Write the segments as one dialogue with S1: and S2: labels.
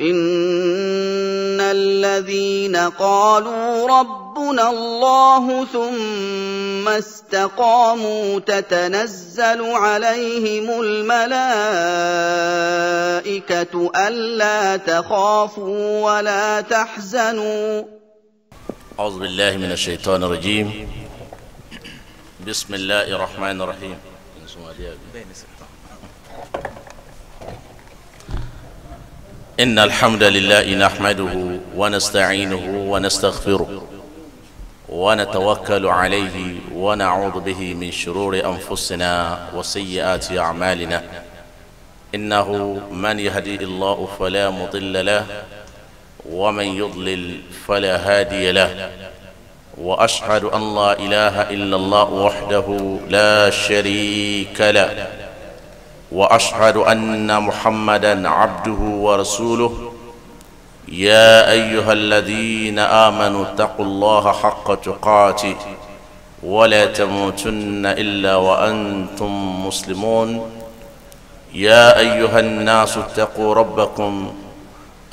S1: ان الذين قالوا ربنا الله ثم استقاموا تتنزل عليهم الملائكه الا تخافوا ولا تحزنوا اعوذ بالله من الشيطان الرجيم بسم الله الرحمن الرحيم إن الحمد لله نحمده ونستعينه ونستغفره ونتوكل عليه ونعوذ به من شرور أنفسنا وسيئات أعمالنا إنه من يهدي الله فلا مضل له ومن يضلل فلا هادي له وأشهد أن لا إله إلا الله وحده لا شريك له واشهد ان محمدا عبده ورسوله يا ايها الذين امنوا اتقوا الله حق تقاته ولا تموتن الا وانتم مسلمون يا ايها الناس اتقوا ربكم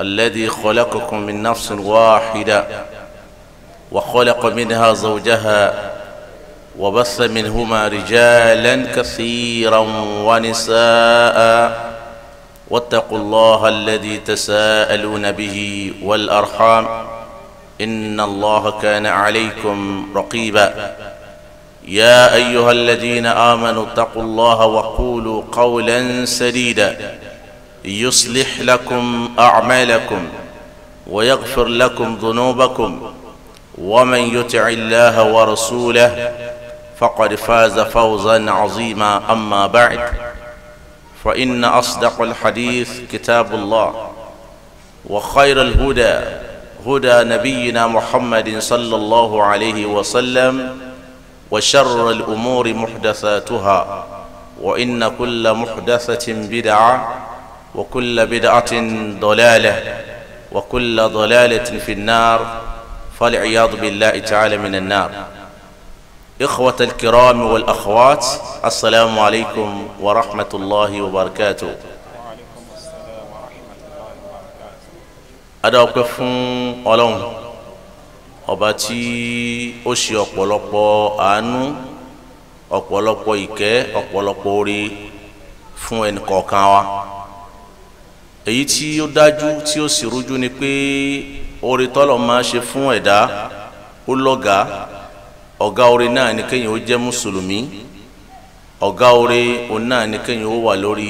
S1: الذي خلقكم من نفس واحده وخلق منها زوجها وبث منهما رجالا كثيرا ونساء واتقوا الله الذي تساءلون به والارحام ان الله كان عليكم رقيبا يا ايها الذين امنوا اتقوا الله وقولوا قولا سديدا يصلح لكم اعمالكم ويغفر لكم ذنوبكم ومن يطع الله ورسوله فقد فاز فوزا عظيما أما بعد فإن أصدق الحديث كتاب الله وخير الهدى هدى نبينا محمد صلى الله عليه وسلم وشر الأمور محدثاتها وإن كل محدثة بدعة وكل بدعة ضلالة وكل ضلالة في النار فالعياذ بالله تعالى من النار إخوة الكرام والأخوات السلام عليكم ورحمة الله وبركاته adáwọ̀pẹ́ fún ọlọ́run ọba tí ó ṣe ọ̀pọ̀lọpọ̀ àánú ọ̀pọ̀lọpọ̀ ìkẹ́ ọ̀pọ̀lọpọ̀ oore fún ẹnìkọ̀ọ̀kan wa èyí tí ó dájú tí ó sì rújú ni pé oore tọ́lọ̀ máa ṣe fún ẹ̀dá ó lọ́gàá ọ̀gá oore náà ni kéèyàn ó jẹ́ mùsùlùmí ọ̀gá oore òun náà ni kéèyàn ó wà lórí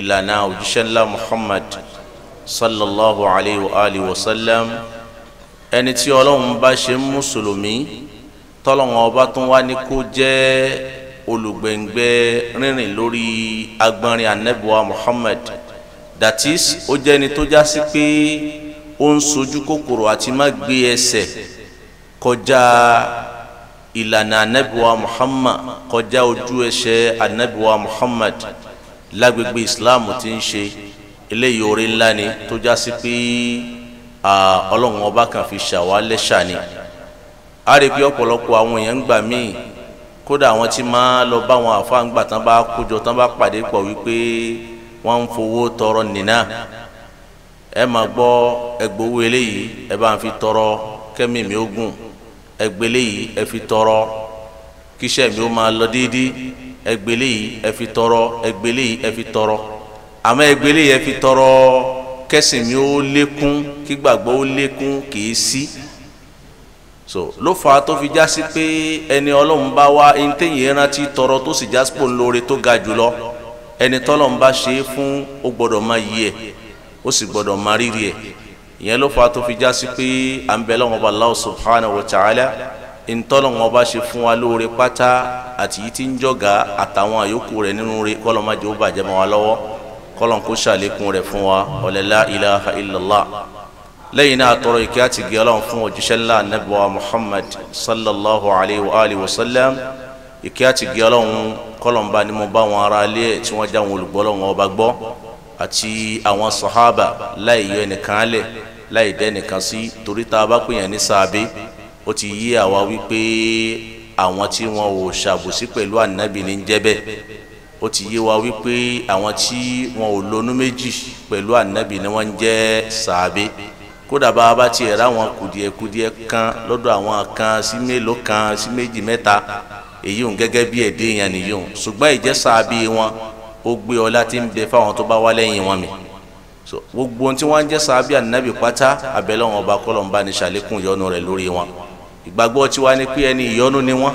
S1: ìlànà òjíṣẹ́ ńlá Muhammad sallallahu alayhi wa wa sallam ẹni tí ọlọ́run bá ṣe mùsùlùmí tọ́lọ́run ọba tún wá ní kó jẹ́ olùgbẹ̀ngbẹ́ rírìn lórí agbọ́nrin anabiwa Muhammad that is ó jẹ́ ẹni tó já sí pé ó ń sojú kòkòrò àti má gbé ẹsẹ̀ kọjá ìlànà anabiwa muhammad kọjá ojú ẹsẹ̀ anabiwa muhammad lágbègbè islam ti ń ṣe eléyìí orí ńlá ni tó já sí pé ọlọ́run ọba kan fi ṣàwálẹ̀ ṣàní a rí bí ọ̀pọ̀lọpọ̀ àwọn èèyàn ń gbà míì kódà àwọn tí máa lọ bá àwọn àfáàǹgbà tán bá kójọ tán bá pàdé pọ̀ wípé wọ́n ń fowó tọrọ nìna ẹ máa gbọ́ ẹgbowó eléyìí ẹ bá ń fi tọrọ kẹ́mìmí ogun egbele yìí efi fi tọrọ kíṣẹ́ mi ó máa lọ déédéé ẹgbẹ́lẹ́ yìí ẹ tọrọ ẹgbẹ́lẹ́ yìí ẹ tọrọ àmọ́ ẹgbẹ́lẹ́ yìí ẹ tọrọ kẹ́sìn mi ó lékún kígbàgbọ́ ó lékún kìí sí so ló fà á tó fi já sí pé ẹni ọlọ́run bá wá rántí tọrọ tó sì lóore tó ga jùlọ ẹni tọ́lọ́run bá ṣe é fún ó gbọ́dọ̀ máa yí ma ó sì ìyẹn ló fà tó fi já sí pé à ń bẹ lọ́wọ́ bá Allah subhanahu wa ta'ala ntọ́lọ́wọ́ bá ṣe fún wa lóore pátá àti yìí ti ń jọ̀gá àtàwọn àyókù rẹ̀ nínú rẹ̀ kọ́lọ́májẹ́ ó bàjẹ́ mọ́ wa lọ́wọ́ kọ́lọ́n kó ṣàlékún rẹ̀ fún wa ọ̀lẹ́lá ilaha illallah lẹ́yìn náà tọrọ ìkẹ́ àti gẹ́ ọlọ́run fún òjíṣẹ́ ńlá anábìwá muhammad sallallahu alayhi wa sallam ìkẹ́ àti gẹ́ ọlọ́run kọ́lọ́n bá ní mo bá wọn ara alẹ́ tí wọ́n já wọn olùgbọ́ ọba gbọ́ àti àwọn sàhábà láì yọ ẹnìkan alẹ́ láì dẹ́nìkan sí torí tá a bá pèèyàn ní sáabé ó ti yí àwa wípé àwọn tí wọn ò ṣàbòsí pẹ̀lú ànábì ní jẹ́bẹ̀ ó ti yé wa wípé àwọn tí wọn ò lónú méjì pẹ̀lú ànábì ni wọ́n ń jẹ́ sáabé kódà bá a bá tiẹ̀ ráwọn kùdìẹ̀kudìẹ̀ kan lọ́dọ̀ àwọn kan sí mélòó kan sí méjì mẹ́ta èyí ń gẹ́gẹ́ bí ẹ̀dẹ́ yẹn nìyí ń ṣùgbọ́n ìjẹ́ sáabé wọn ó gbé ọlá tí ń bẹ fáwọn tó bá wá lẹ́yìn wọn mi so gbogbo ohun tí wọ́n ń jẹ́ sábì ànábì pátá abẹ́lẹ́ wọn ọba kọ́lọ̀ ń bá ní ṣàlékún ìyọ́nú rẹ̀ lórí wọn ìgbàgbọ́ tiwa ni pé ẹni ìyọ́nú ni wọ́n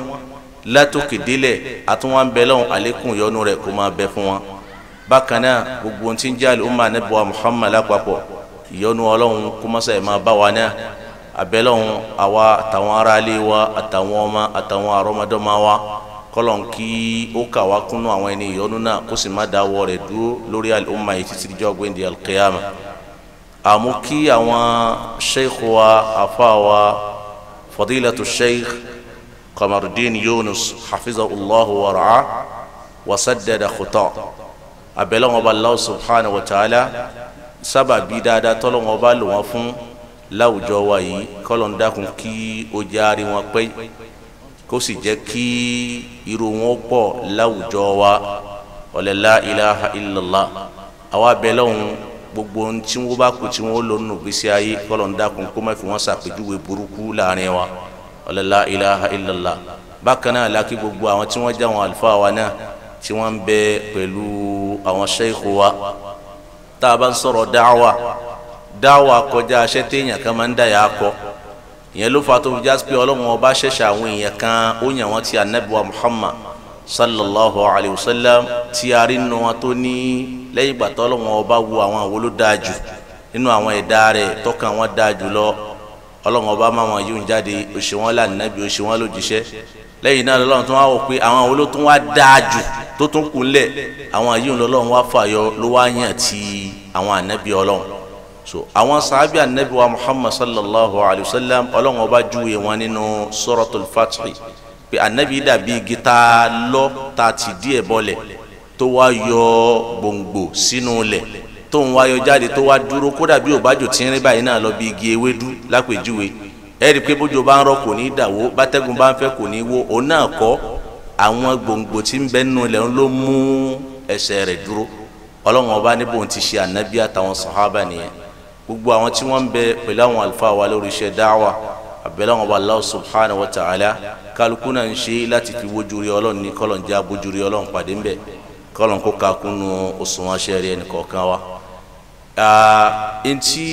S1: látòkè délẹ̀ àtúnwá ń bẹ lọ́wọ́n àlékún ìyọ́nú rẹ̀ kó máa bẹ fún wọn bákan náà gbogbo ohun tí ń jẹ́ àlùmọ́ ànábì wa Muhammad lápapọ̀ ìyọ́nú ọlọ́run kó mọ́sá ẹ̀ máa bá wa náà abẹ́lẹ́ àwa àtàwọn aráalé wa àtàwọn ọmọ àtàwọn àrọ́mọdọ́mọ wa kọlọ̀n kí ó kà wá kúnnú àwọn ẹni ìyọnu náà kó sì má dáwọ́ rẹ̀ dúró lórí àlùmọ́ yìí títí dijọ́ gbẹ̀ndé alqiyama àmú kí àwọn sheikh wa afa wa fadilatu sheikh Qamaruddin Yunus hafizahullahu wa ra'a wa saddada khuta abẹ́lẹ́ wọn Allah subhanahu wa ta'ala sábà bí dáadáa tọ́lọ́ lò wọ́n fún láwùjọ wa yìí kọlọ̀n dákun kí ó járe wọn pẹ́ yìí kó sì jẹ́ kí irú wọn pọ̀ láwùjọ wa ọ̀lẹ́lá ilaha illallah àwa bẹ̀ lọ́hùn gbogbo tí wọ́n bá kú tí wọ́n lò nù gbèsè ayé kọ́lọ̀ ń dákun kó má fi wọ́n ṣàpèjúwe burúkú láàrin wa ọ̀lẹ́lá ilaha illallah bákan náà lákì gbogbo àwọn tí wọ́n jẹ́ àlùfáà wa náà tí wọ́n ń bẹ pẹ̀lú àwọn ṣẹ́ẹ̀kù wa tá a bá ń sọ̀rọ̀ dáwà dáwà kọjá aṣẹ́ téèyàn kan máa ń dà yà á kọ́ ìyẹn ló fa tó fi jásí pé ọlọ́run ọba ṣẹ̀ṣẹ̀ àwọn èèyàn kan ó yàn wọ́n ti anabiwa muhammad sallallahu alayhi wa sallam tí a rí nínú wọn tó ní lẹ́yìn ìgbà tó ọlọ́run ọba wo àwọn àwọn ló dáa jù nínú àwọn ẹ̀dá rẹ̀ tọ́kàn wọn dáa jù lọ ọlọ́run ọba máa wọn yóò jáde ó wọn lànàbí ó ṣe wọn lójíṣẹ́ lẹ́yìn náà lọ́lọ́run tó wá wò pé àwọn àwọn olótún wá dáa jù tó tún kúnlẹ̀ àwọn yìí lọ́lọ́run wá fàyọ ló wá yàn ti àwọn ànábì ọlọ́run so àwọn sàábì anabi wa muhammad sallallahu alayhi wa sallam ọlọ́run ọba júwe wọn nínú suratul fatihi pé anabi dàbí gita lọ ta ti díẹ̀ bọ́lẹ̀ tó wá yọ gbòǹgbò sínú lẹ̀ tó ń wá yọ jáde tó wá dúró kódà bí òbájò tí ń rí báyìí náà lọ bí igi ewédú lápèjúwe ẹ rí i pé bójú bá ń rọ kò ní í dàwó bátẹ́gùn bá ń fẹ́ kò ní í wó òun náà kọ́ àwọn gbòǹgbò tí ń bẹ nínú ilẹ̀ ń ló mú ẹsẹ̀ rẹ̀ dúró ọlọ́run ọba níbo ti ṣe ànábì àtàwọn sàhábà nìyẹn gbogbo àwọn tí wọ́n ń bẹ pẹ̀lú àwọn àlùfáà wa lórí iṣẹ́ dáwà àbẹ̀lẹ̀ wọn bá Allah subhanahu wa ta'ala kálukú náà ń ṣe láti fi wojú rí ọlọ́run ní kọ́lọ̀n jẹ́ abojú rí ọlọ́run pàdé ń bẹ̀ kọ́lọ̀n kó kakúnú òṣùwọ̀n aṣẹ́ rí ẹnì kọ̀ọ̀kan wa. ntí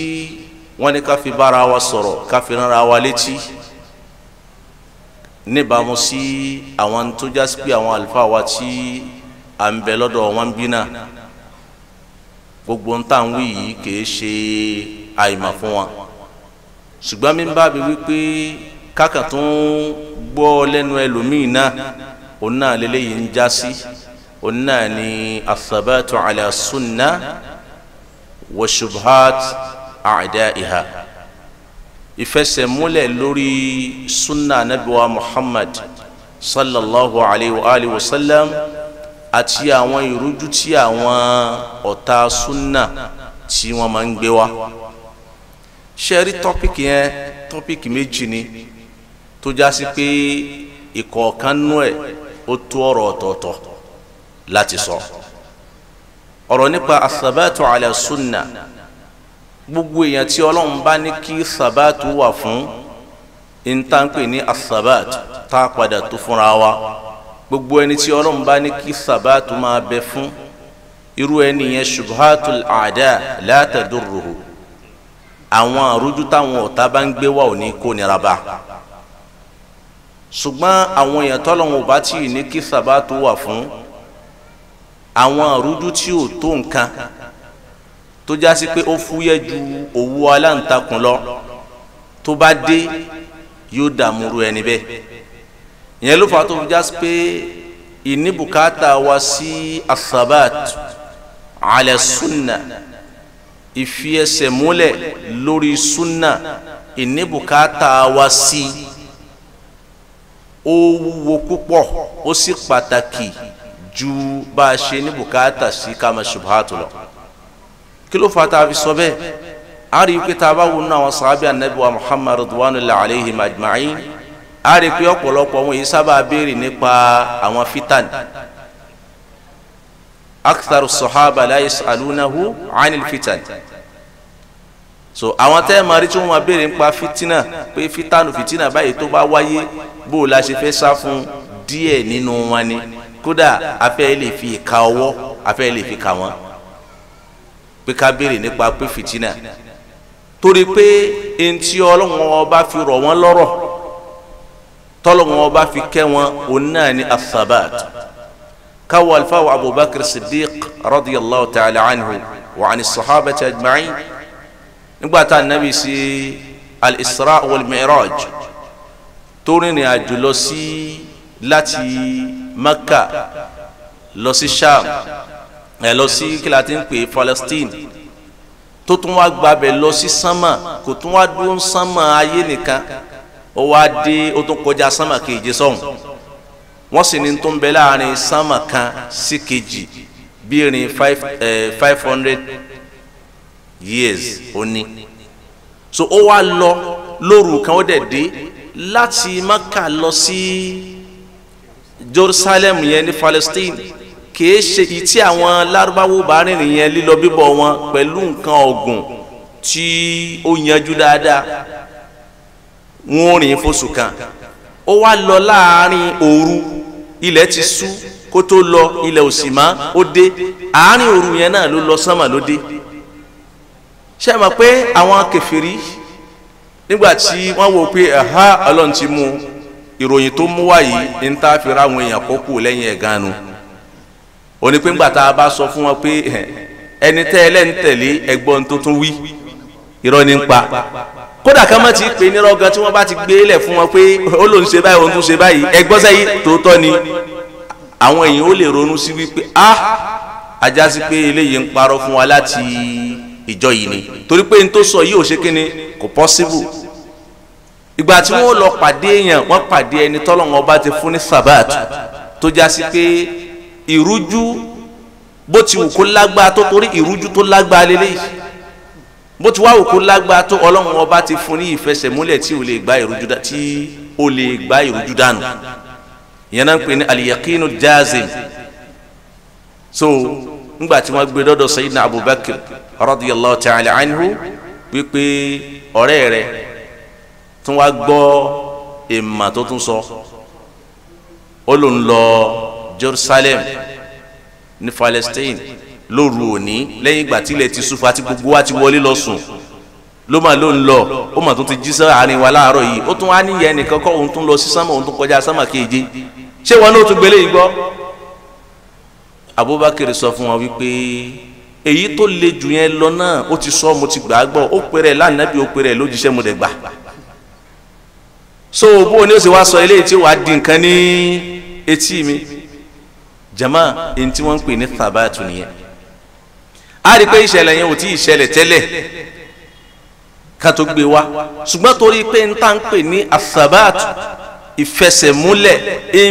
S1: wọ́n ní ká fi bára wa sọ̀rọ̀ ká fi wa létí níbàámu sí àwọn tó jásí pé àwọn àlùfáà wa tí à ń bẹ lọ́dọ̀ wọn bí gbogbo ń tà ń wí yìí kìí ṣe àìmọ̀ fún wọn ṣùgbọ́n mi bá bi wípé kákan tó ń gbọ́ lẹ́nu ẹlòmíì náà òun náà lélẹ́yìí ń já sí òun náà ni athabatu ala sunna wa shubhat a'da'iha ìfẹsẹ̀múlẹ̀ lórí sunna nabiwa muhammad sallallahu alayhi wa sallam àti àwọn ìrújú tí àwọn ọ̀tá súnà tí wọ́n máa ń gbé wá ṣe rí tọ́pìkì yẹn tọ́pìkì méjì ni tó já sí pé ìkọ̀ọ̀kan nú ẹ̀ ó tó ọ̀rọ̀ ọ̀tọ̀ọ̀tọ̀ láti sọ ọ̀rọ̀ nípa asabatu ala sunna gbogbo èèyàn tí ọlọ́run bá ní kí sabatu wà fún ń tá ń pè ní asabatu tá a padà tó fúnra wa gbogbo ẹni tí ọlọ́run bá ní kí sàbáàtù máa bẹ fún irú ẹni yẹn ṣubuhatul àdá látàdúró àwọn àrújú táwọn ọ̀tá bá ń gbé wà ò ní kó nira bá ṣùgbọ́n àwọn èèyàn tọ́lọ́run ò bá tì ní kí sàbáàtù wà fún àwọn àrújú tí ò tó nǹkan tó jásí pé ó fúyẹ́ ju owó aláǹtakùn lọ tó bá dé yóò dààmú ru ẹni bẹ́ẹ̀ ìyẹn ló fà tó fi já sí pé ìní bùkátà wa sí asabat ala sunna ìfi ẹsẹ̀ múlẹ̀ lórí sunna ìní bùkátà wa sí ó wúwo púpọ̀ ó sì pàtàkì ju bá a ṣe ní bùkátà sí kama subhatu lọ kí ló fà tá a fi sọ bẹ́ẹ̀ a rí i pé tá a bá wọnú àwọn sàábì anabi wa muhammadu wa alayhi majma'in a rí i pé ọ̀pọ̀lọpọ̀ wọn yìí sábà béèrè nípa àwọn fitan aktharu sahaba la yasalunahu anil fitan so àwọn tẹ́ ẹ máa rí tí wọ́n máa béèrè nípa fitina pé fitanu fitina báyìí tó bá wáyé bó o la ṣe fẹ́ sá fún díẹ̀ nínú wọn ni kódà afẹ́ lè fi ìka ọwọ́ afẹ́ lè fi kà wọ́n pé ká béèrè nípa pé fitina torí pé eŋti ọlọ́run ọba fi rọ̀ wọ́n lọ́rọ̀ tọ́lọ́wọ́n ọba fi kẹ́ wọn òun náà ni asabat káwọ́ alifáwọ́ abubakar siddiq radiyallahu ta'ala anhu wa ani sahabati ajma'in nígbà tá anabi sí al-isra wal mi'raj tó rìnrìn àjò lọ sí láti makka lọ sí sham ẹ lọ sí kíláàtì ń pè palestine tó tún wá gbabẹ̀ lọ sí sánmà kò tún wá dún sánmà ayé nìkan ó wá dé ó tún kọjá sánmà kejì sọ́hùn wọ́n sì ní tó ń bẹ láàrin sánmà kan sí kejì bí irin five hundred years ó ní so ó wá lọ lóru kan ó dẹ̀ dé láti Maka lọ sí Jerusalem yẹn ní Palestine kìí ṣe èyí tí àwọn lárúbáwò bá rìn nìyẹn lílọ bíbọ̀ wọn pẹ̀lú nǹkan ọ̀gùn tí ó yanjú dáadáa wọn rìn fóṣù kan ó wá lọ láàrin òru ilẹ̀ ti sú kó tó lọ ilẹ̀ òsì mọ́ ó dé àárín òru yẹn náà ló lọ sánmà ló dé ṣe é mọ̀ pé àwọn kèfèrí nígbà tí wọ́n wò pé ẹ̀há ọlọ́run ti mú ìròyìn tó mú wá yìí ń tá a fi ra àwọn èèyàn kókò lẹ́yìn ẹ̀gánu ó ní pé ńgbà tá a bá sọ fún wọn pé ẹni tẹ́ ẹlẹ́ni tẹ̀lé ẹgbọ́n tó tún wí irọ́ ní ń pa kódà kan mọ̀ tí pé nírọ̀ gan tí wọ́n bá ti gbé lẹ̀ fún wọn pé ó lòun ṣe báyìí òun tún ṣe báyìí ẹgbọ́n sẹ́yìn tòótọ́ ni àwọn èèyàn ó lè ronú sí wípé a ah, ajá sí pé eléyìí ń parọ́ fún wa láti ìjọ yìí ni torí pé n tó sọ yìí ò ṣe kí ni kò pọ́síbù ìgbà tí wọ́n lọ pàdé èèyàn wọ́n pàdé ẹni tọ́lọ́run ọba ti fún ní sabat tó já sí pé ìrújú bó ti wù kó lágbá tó torí ìrújú tó lágbá lélẹ́yìí bó ti wá òkú lágbá tó ọlọ́run ọba ti fún ní ìfẹsẹ̀múlẹ̀ tí ó lè gba ìrújú dànù tí ó lè gba ìrújú dànù ìyẹn náà ń pè ní aliyakinu jazim so ńgbà tí wọ́n gbé dọ́dọ̀ sayidina abubakar radiyallahu ta'ala anhu wípé ọ̀rẹ́ rẹ̀ tún wá gbọ́ ìmọ̀ tó tún sọ ó ló ń lọ Jerusalem ní Palestine lóru òní lẹ́yìn ìgbà tílẹ̀ ti ṣúfà tí gbogbo wa ti wọlé lọ sùn ló máa ló ń lọ ó mà tún ti jí sáàárín wa láàárọ̀ yìí ó tún wá níyẹn nìkan kọ́ òun tún lọ sí sánmà òun tún kọjá sánmà keje ṣé wọn ló tún gbélé yìí gbọ́. Abubakar sọ fún wọn wípé èyí tó le jù yẹn lọ náà ó ti sọ mo ti gbà á gbọ́ ó pèrè lánàbí ó pèrè lójíṣẹ́ mo dẹ̀ gbà. so bó o ní o sì wá sọ eléyìí tí wàá di nǹkan ní etí mi jama èyí tí wọ́n ń pè ní thabatu nìyẹn a rí i pé ìṣẹ̀lẹ̀ yẹn ò tí ì ṣẹlẹ̀ tẹ́lẹ̀ ká tó gbé wa ṣùgbọ́n torí pé n tá n pè ní asabat ìfẹsẹ̀múlẹ̀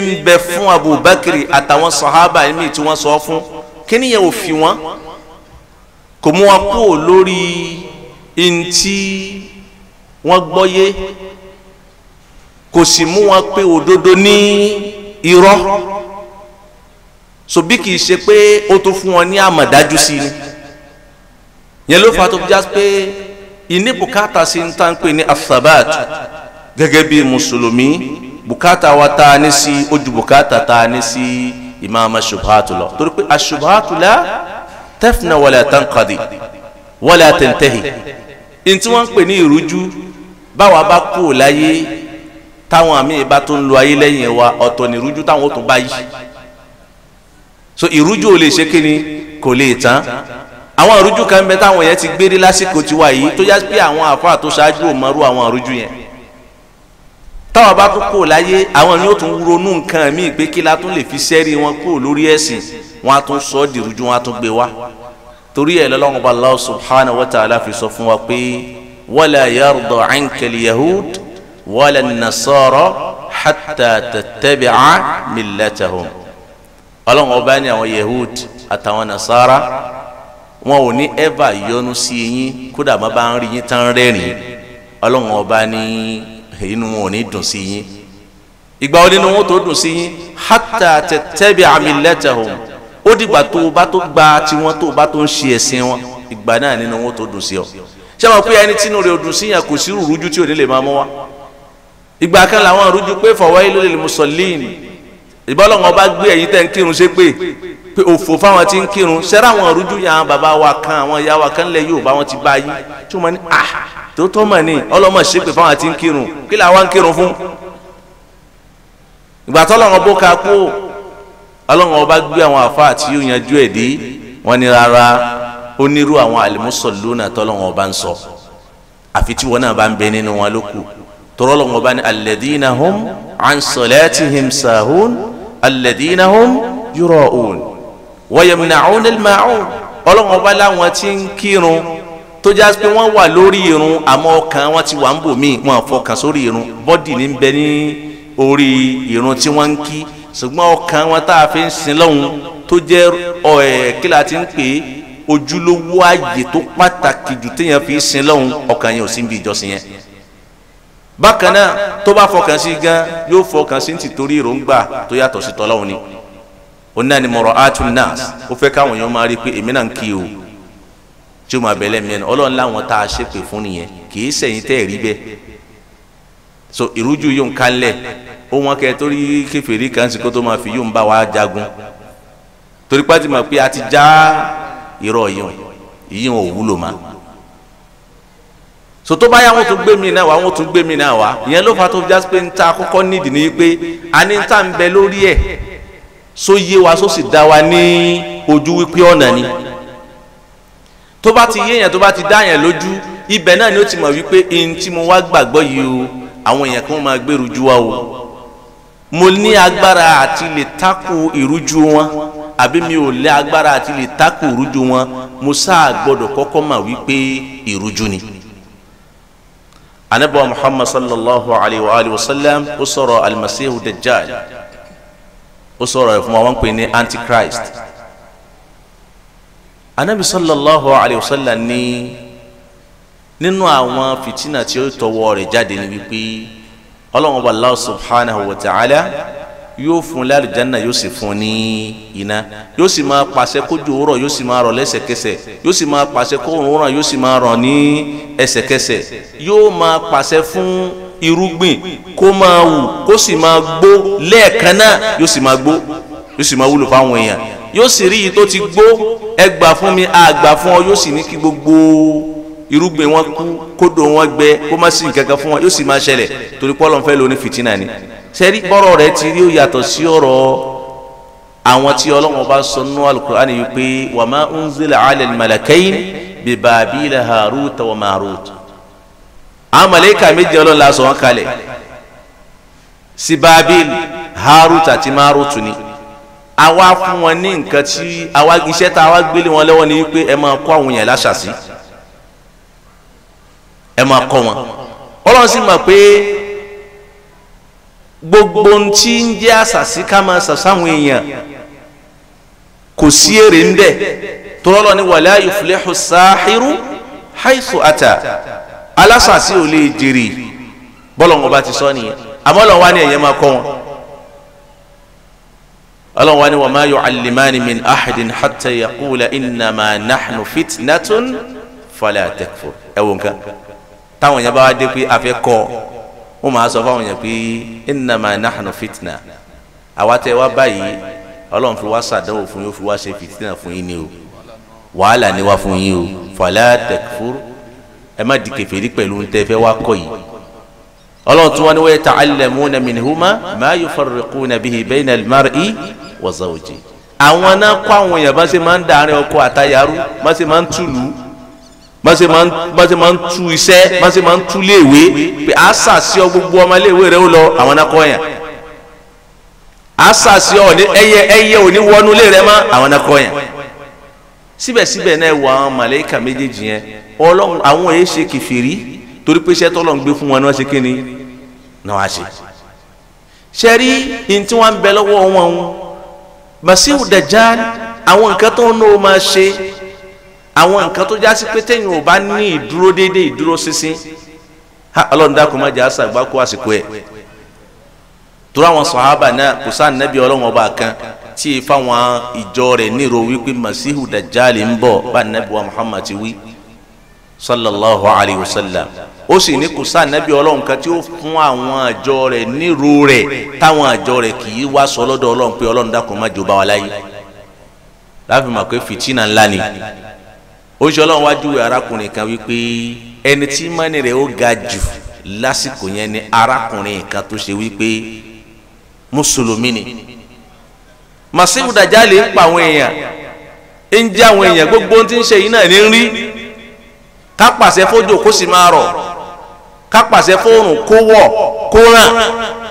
S1: ń bẹ fún Abubakar àtàwọn sahaba mi tí wọ́n sọ fún kíní yẹn ò fi wọ́n kò mú wọn kúrò lórí ntí wọ́n gbọ́yé kò sì mú wọn pé òdodo ní irọ́ so bí kìí ṣe pé ó tó fún wọn ní àmọ̀dájú sí ni yẹn ló fà tó já pé ìní bùkátà sí ń tán pé ní asabat gẹ́gẹ́ bí mùsùlùmí bùkátà wa tá a ní sí ojú bùkátà tá a ní sí ìmáàmà ṣubhátù lọ torí pé aṣubhátù la tafna wala tanqadi wala tantahi ntí wọ́n pè ní ìrújú báwa bá kú láyé táwọn àmì ìbá tó ń lo ayé lẹ́yìn wa ọ̀tọ̀ ní ìrújú táwọn ó tún bá so ìrújú ò lè ṣe kí kò lè tán àwọn àrújú kan bẹ táwọn yẹn ti gbére lásìkò tiwa yìí tó yá pé àwọn àfáà tó ṣáájú ò mọrú àwọn àrújú yẹn táwọn bá tún kò láyé àwọn ni ó tún ronú nǹkan míì pé kí la tún lè fi sẹ́rí wọn kú lórí ẹ̀sìn wọn á tún sọ ọ́ dìrújú wọn á tún gbé wá torí ẹ̀ lọ́lọ́run bá Allah subhanahu wa ta'ala fi sọ fún wa pé wala yarda ankal yahud wala nasara hatta tattabi'a millatahum ọlọ́run ọba ní àwọn yahud àtàwọn nasara wọn ò ní ẹ́fà yọnu sí yín kódà má bá ń rí yín tán rẹ́rìn ọlọ́run ọba ní inú wọn ò ní dùn sí yín ìgbà wo nínú wọn tó dùn sí yín hátà tẹtẹbi amilẹtẹhùn ó dìgbà tó o bá tó gba tiwọn tó o bá tó ń ṣe ẹ̀sìn wọn ìgbà náà nínú wọn tó dùn sí ọ ṣé wọn pé ẹni tínú rẹ ò dùn sí yàn kò sí rújú tí ò ní lè máa mú wa ìgbà kan làwọn rújú pé fawailul lil musallin ìbọ́lọ́wọ́n bá gbé pé òfò fáwọn tí ń kírun ṣẹ́rẹ́ àwọn rújú yà án bàbá wa kan àwọn ìyá wa kan lẹ̀ yóò bá wọn ti bá yín tí wọ́n ní à tó tọ́ mọ̀ ní ọlọ́mọ ṣépè fáwọn tí ń kírun kí làwọn ń kírun fún. ìgbà tó lọ́wọ́ bó ka kú ọlọ́wọ́ ọba gbé àwọn àfáà tí yóò ẹ̀ dé wọ́n ní rárá onírú àwọn àlùmọ́sọ̀lónà tọ́lọ́wọ́ ọba ń sọ àfi tí wọn náà bá ń bẹ nínú wọn lókù tọ́lọ́wọ́ ọba wayamna'una al-ma'un ọlọ́run ọba láwọn tí ń kírun tó já pé wọ́n wà lórí irun àmọ́ ọkàn wọn ti wà ń bò míì wọn àfọkàn sórí irun bọ́dì ní bẹ ní orí irun tí wọ́n ń kí ṣùgbọ́n ọkàn wọn tá a fi ń sin lọ́hùn tó jẹ́ ọ̀ẹ́ kí la ti ń pè é ojúlówó ààyè tó pàtàkì jù téèyàn fi sin lọ́hùn ọkàn yẹn ò sí níbi ìjọsìn yẹn bákan náà tó bá fọkàn sí gan yóò fọkàn sí ti torí èròǹgbà tó yàtọ̀ sí tọ́lọ́hùn ni onáà ni mura'atun nas ó fẹ́ káwọn èèyàn máa rí i pé èmi náà ń kí o tí o máa bẹ̀lẹ̀ mìíràn ọlọ́run láwọn tá a ṣépè fún nìyẹn kì í sẹ̀yìn tẹ́ ẹ̀ rí bẹ́ẹ̀ so ìrújú yóò ń kálẹ̀ ó wọn kẹ torí kèfèrí kan sí kó tó máa fi yóò ń bá wa jagun torí pàtí mà pé a ti já irọ́ yìí yìí ò wúlò má so tó bá yà wọn tún gbé mi náà wá wọn tún gbé mi náà wá ìyẹn ló fà tó fi pé ń ta àkọ́kọ́ nídìí ni pé a ní ń ta ń bẹ lórí ẹ̀ só yé wa só sì dá wa ní ojú wípé ọ̀nà ni tó bá ti yéèyàn tó bá ti dá yẹn lójú ibẹ̀ náà ni ó ti mọ̀ wípé ẹni tí mo wá gbàgbọ́ yìí o àwọn èèyàn kan máa gbèrú ju wa o mo ní agbára àti lè takò ìrújú wọn àbí mi ò lé agbára àti lè takò ìrújú wọn mo sáà gbọ́dọ̀ kọ́kọ́ mà wípé ìrújú ni anabawa muhammad sallallahu alayhi wa sallam ó sọ̀rọ̀ alimasihu dajjal ó sọ̀rọ̀ ẹ̀ fún wa wọ́n pè ní antichrist anabi sallallahu alayhi wa sallam ní nínú àwọn fìtínà tí ó tọwọ́ rẹ̀ jáde ní wípé ọlọ́run ọba allah subhanahu wa ta'ala yóò fún un lálùjáná yóò sì fún un ní iná yóò sì máa pàṣẹ kójú òwúrọ̀ yóò sì máa rọ̀ lẹ́sẹ̀kẹsẹ̀ yóò sì máa pàṣẹ kóòrùn òwúrọ̀ yóò sì máa rọ̀ ní ẹsẹ̀kẹsẹ̀ yóò máa pàṣẹ fún irúgbìn kó máa wù kó sì máa gbó lẹ́ẹ̀kan náà yóò sì máa gbó yóò sì máa wúlò fáwọn èèyàn yóò sì rí iye tó ti gbó ẹgbà fún mi àgbà fún ọ yóò sì ní kí gbogbo irúgbìn wọn kú kódò wọn gbẹ kó má sí nǹkankan fún wọn yóò sì máa ṣẹlẹ̀ torí pọ́lọ́n fẹ́ lóní fìtínà ni sẹ́rí bọ́rọ̀ rẹ ti rí ó yàtọ̀ sí ọ̀rọ̀ àwọn tí Ọlọ́hun bá sọ nínú Al-Qur'ani yìí pé wa ma unzila ala al-malakayn bi Babila Haruta wa Maruta àwọn màlẹ́kà méjì ọlọ́run la sọ wọn kalẹ̀ sibabil harut àti marutu ni àwa fún wọn ní nǹkan tí àwa iṣẹ́ tá a wá gbélé wọn lọ́wọ́ ni wípé ẹ máa kọ́ àwọn yẹn láṣàsí ẹ máa kọ́ wọn ọlọ́run sì mọ̀ pé gbogbo ń tí ń jẹ́ àṣàsí ká máa ṣàṣàwọn èèyàn kò sí èrè ń bẹ̀ tọ́lọ́lọ́ ni wala yuflihu sahiru haythu ata alásàtì ò lè jèrè bọ́lọ̀ wọn bá ti sọ nìyẹn àmọ́ Ọlọ́run wá ní ẹ̀yẹ́ máa kọ́ wọn Ọlọ́run wá ní wa ma yu'allimani min ahadin hatta yaqula innama nahnu fitnatun fala takfur ẹ wò nǹkan táwọn yẹn bá wá dé pé a fẹ́ kọ́ wọn máa sọ fáwọn yẹn pé innama nahnu fitna àwa tẹ wá báyìí Ọlọ́run fi wá ṣàdánwò fún yín ó fi wá ṣe fìtínà fún yín ni o wàhálà ni wá fún yín o fala takfur ẹ má di kèfèrí pẹ̀lú ń tẹ́fẹ́ wá kọ́ yìí ọlọ́run tí wọ́n ní wa yata'allamuna minhuma ma yufarriquna bihi bayna al-mar'i wa zawji àwọn náà kọ́ àwọn èèyàn bá ṣe máa ń dàárín ọkọ àtayàrú bá ṣe máa ń túlù bá ṣe máa ń tú iṣẹ́ bá ṣe máa ń tú léèwé pé àṣà sí ọ gbogbo ọmọ léèwé rẹ ó lọ àwọn náà kọ́ yàn àṣà sí ọ ẹyẹ ẹyẹ òní wọnú lé rẹ mọ́ àwọn náà kọ́ yàn síbẹ̀síbẹ̀ náà wọ àwọn màlẹ́kà méjèèjì yẹn ọlọ́run àwọn èyí ṣe kìfìrí torí pé iṣẹ́ tọ́lọ́run gbé fún wọn ni wọ́n ṣe kíni náà wá ṣe. ṣẹ́rí ní tí wọ́n ń bẹ lọ́wọ́ wọn wọn Masihu Dajjal àwọn nǹkan tó ń náà máa ṣe àwọn nǹkan tó jásí pé téèyàn ò bá ní ìdúró déédé ìdúró ṣinṣin ọlọ́run dákun má jẹ́ àṣà àgbákò àsìkò ẹ̀ tó ráwọn sàhábà náà kò sáà nẹ́bí ọlọ́run ọba kan tí e fáwọn ìjọ rẹ̀ nírò wípé masihu dajali ń bọ̀ bá nabi wa muhammad ti wí sallallahu alayhi wa sallam ó sì ní kò sá nabi ọlọ́run kan tí ó fún àwọn àjọ rẹ̀ nírò rẹ̀ táwọn àjọ rẹ̀ kì í wá sọ lọ́dọ̀ ọlọ́run pé ọlọ́run dákun má jò wa láyé láfi pé fìtínà ńlá ni ó ṣe ọlọ́run wájú arákùnrin kan wípé ẹni tí mọ́ni rẹ̀ ó ga jù lásìkò yẹn ni arákùnrin kan tó ṣe wípé mùsùlùmí ni màsíwù dàjálì ń pa àwọn èèyàn ń jẹ́ àwọn èèyàn gbogbo ohun tí ń ṣe yìí náà ní rí ká pàṣẹ fójò kó sì máa rọ̀ ká pàṣẹ fóòrùn kó wọ̀ kó ràn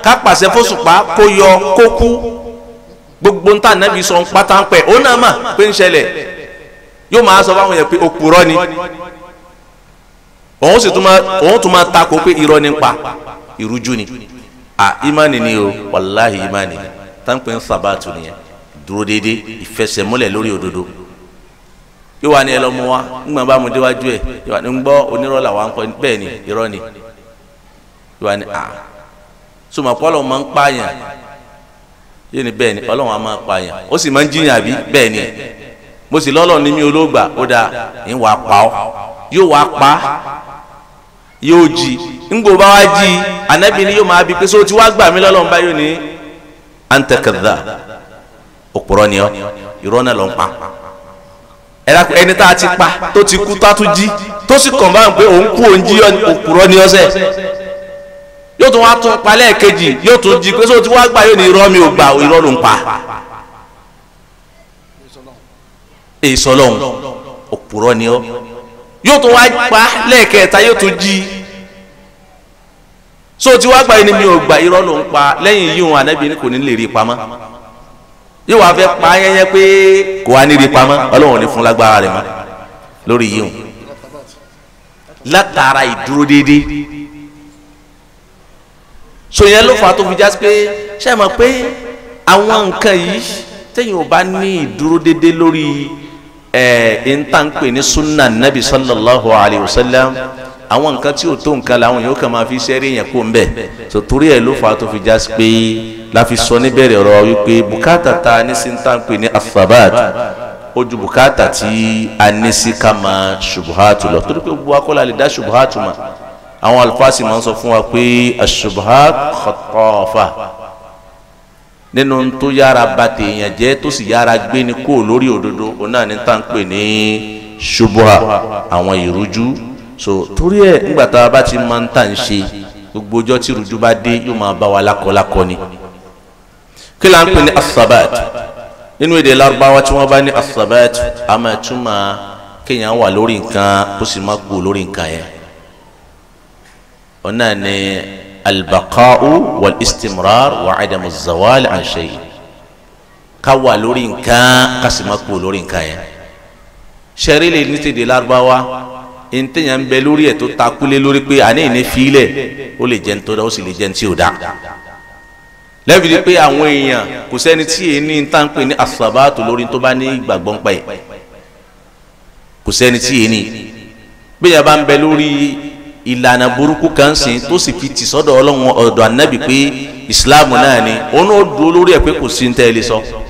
S1: ká pàṣẹ fóṣùpá kó yọ kó kú gbogbo ń tà nábì sọ ń pátá ó náà mà pé ń ṣẹlẹ̀ yóò máa sọ fáwọn èèyàn pé òpùrọ́ ni òun sì tún máa takò pé irọ́ ni ń pa ìrújú ni à ìmánì ni o wàláhì ìmánì táǹpẹ̀ ń sàbáàtù nìyẹn dúró déédéé ìfẹsẹ̀múlẹ̀ lórí òdodo yóò wá ní ẹ lọ́mọ wa ńgbà bá mu déwájú ẹ̀ yóò wá ní gbọ́ ni irọ́ ni yóò wá ní à sọmọ pọ́lọ́ máa ń pààyàn ni ni ọlọ́run á máa pààyàn ó sì máa ń jiyàn àbí ni mo sì lọlọ ní mi olóògbà ó dáa ń anabi ni yóò máa bí pé sọ ti wá gbà mí òpùrọ́ ni ọ́ irọ́ náà ló ń pa ẹni tá a ti pa tó ti kú tó a tún jí tó sì kàn báyìí pé òun kú òun jí òpùrọ́ ni ọ́sẹ̀ yóò tún wá tún palẹ̀ kejì yóò tún jí pé sóò tí wàá gbà yóò ní irọ́ mi ò gbà irọ́ ló ń pa èyí sọlọ́hún òpùrọ́ ni ọ́ yóò tún wá pa lẹ́ẹ̀kẹta yóò tún jí sóò tí wàá gbà yóò ní mi ò gbà irọ́ ló ń pa lẹ́yìn yíyún anábìyẹn kò ní lè rí pamọ́ yóò wá fẹ́ pa ayẹyẹ pé kò wá ní rí pamọ́ ọlọ́run ní fún lágbára rẹ̀ mọ́ lórí yìí o látara ìdúró déédéé sòyẹn ló fà á tó fi jásí pé ṣe é mọ̀ pé àwọn nǹkan yìí téèyàn ò bá ní ìdúró déédéé lórí ẹ̀ ẹ̀ ń tà ń ní sunna nabi sallallahu alayhi wa sallam àwọn nǹkan tí ò tó nǹkan làwọn yóò kàn máa fi ṣẹ́rí yẹn kó ń bẹ̀ tó torí ẹ̀ ló fà á tó fi já sí pé láfi sọ níbẹ̀rẹ̀ ọ̀rọ̀ wípé bùkátà ta nísìntànpé ní afabat ojú bùkátà tí a ní sí ká máa ṣubuhatu lọ torí pé gbogbo akọ́lá lè dá ṣubuhatu mọ̀ àwọn alifásí máa ń sọ fún wa pé aṣubuhat kọtọ́fà nínú tó yára ba tèèyàn jẹ́ tó sì yára gbé ni kó lórí òdodo òun náà ní tàǹpé ní ṣubuha àwọn ìrújú so torí ẹ nígbà tá a bá ti máa ń tà ń ṣe gbogbo ọjọ́ tí rújú bá dé yóò máa bá wa lákọlákọ ni kí là ń pè ní asabat nínú èdè lárúbáwá tí wọ́n bá ní asabat a máa túmọ̀ kéèyàn wà lórí nǹkan kó sì má kú lórí nǹkan yẹn ọ̀nà ni albaqa'u wal istimrar wa adamu zawal an shay ká wà lórí nǹkan ká sì má kú lórí nǹkan yẹn sẹ́rí lè ní tèdè lárúbáwá ntẹ̀yàn bẹ lórí ẹ̀ tó takulé lórí pé àní ìní fílẹ̀ ó lè jẹ́ ní tó dá ó sì lè jẹ́ ní tí ò dá lẹ́bi di pé àwọn èèyàn kò sẹ́ni tí èyí ní tá ń pè ní asabatu lórí tó bá ní ìgbàgbọ́ ń pa ẹ̀ kò sẹ́ni tí èyí ní bẹ́ẹ̀ bá ń bẹ lórí ìlànà burúkú kan sìn tó sì fi tì sọ́dọ̀ ọlọ́run ọ̀dọ̀ pé ìsìláàmù náà ni òun ó dúró lórí ẹ̀ pé kò sí ní ẹ lè sọ. So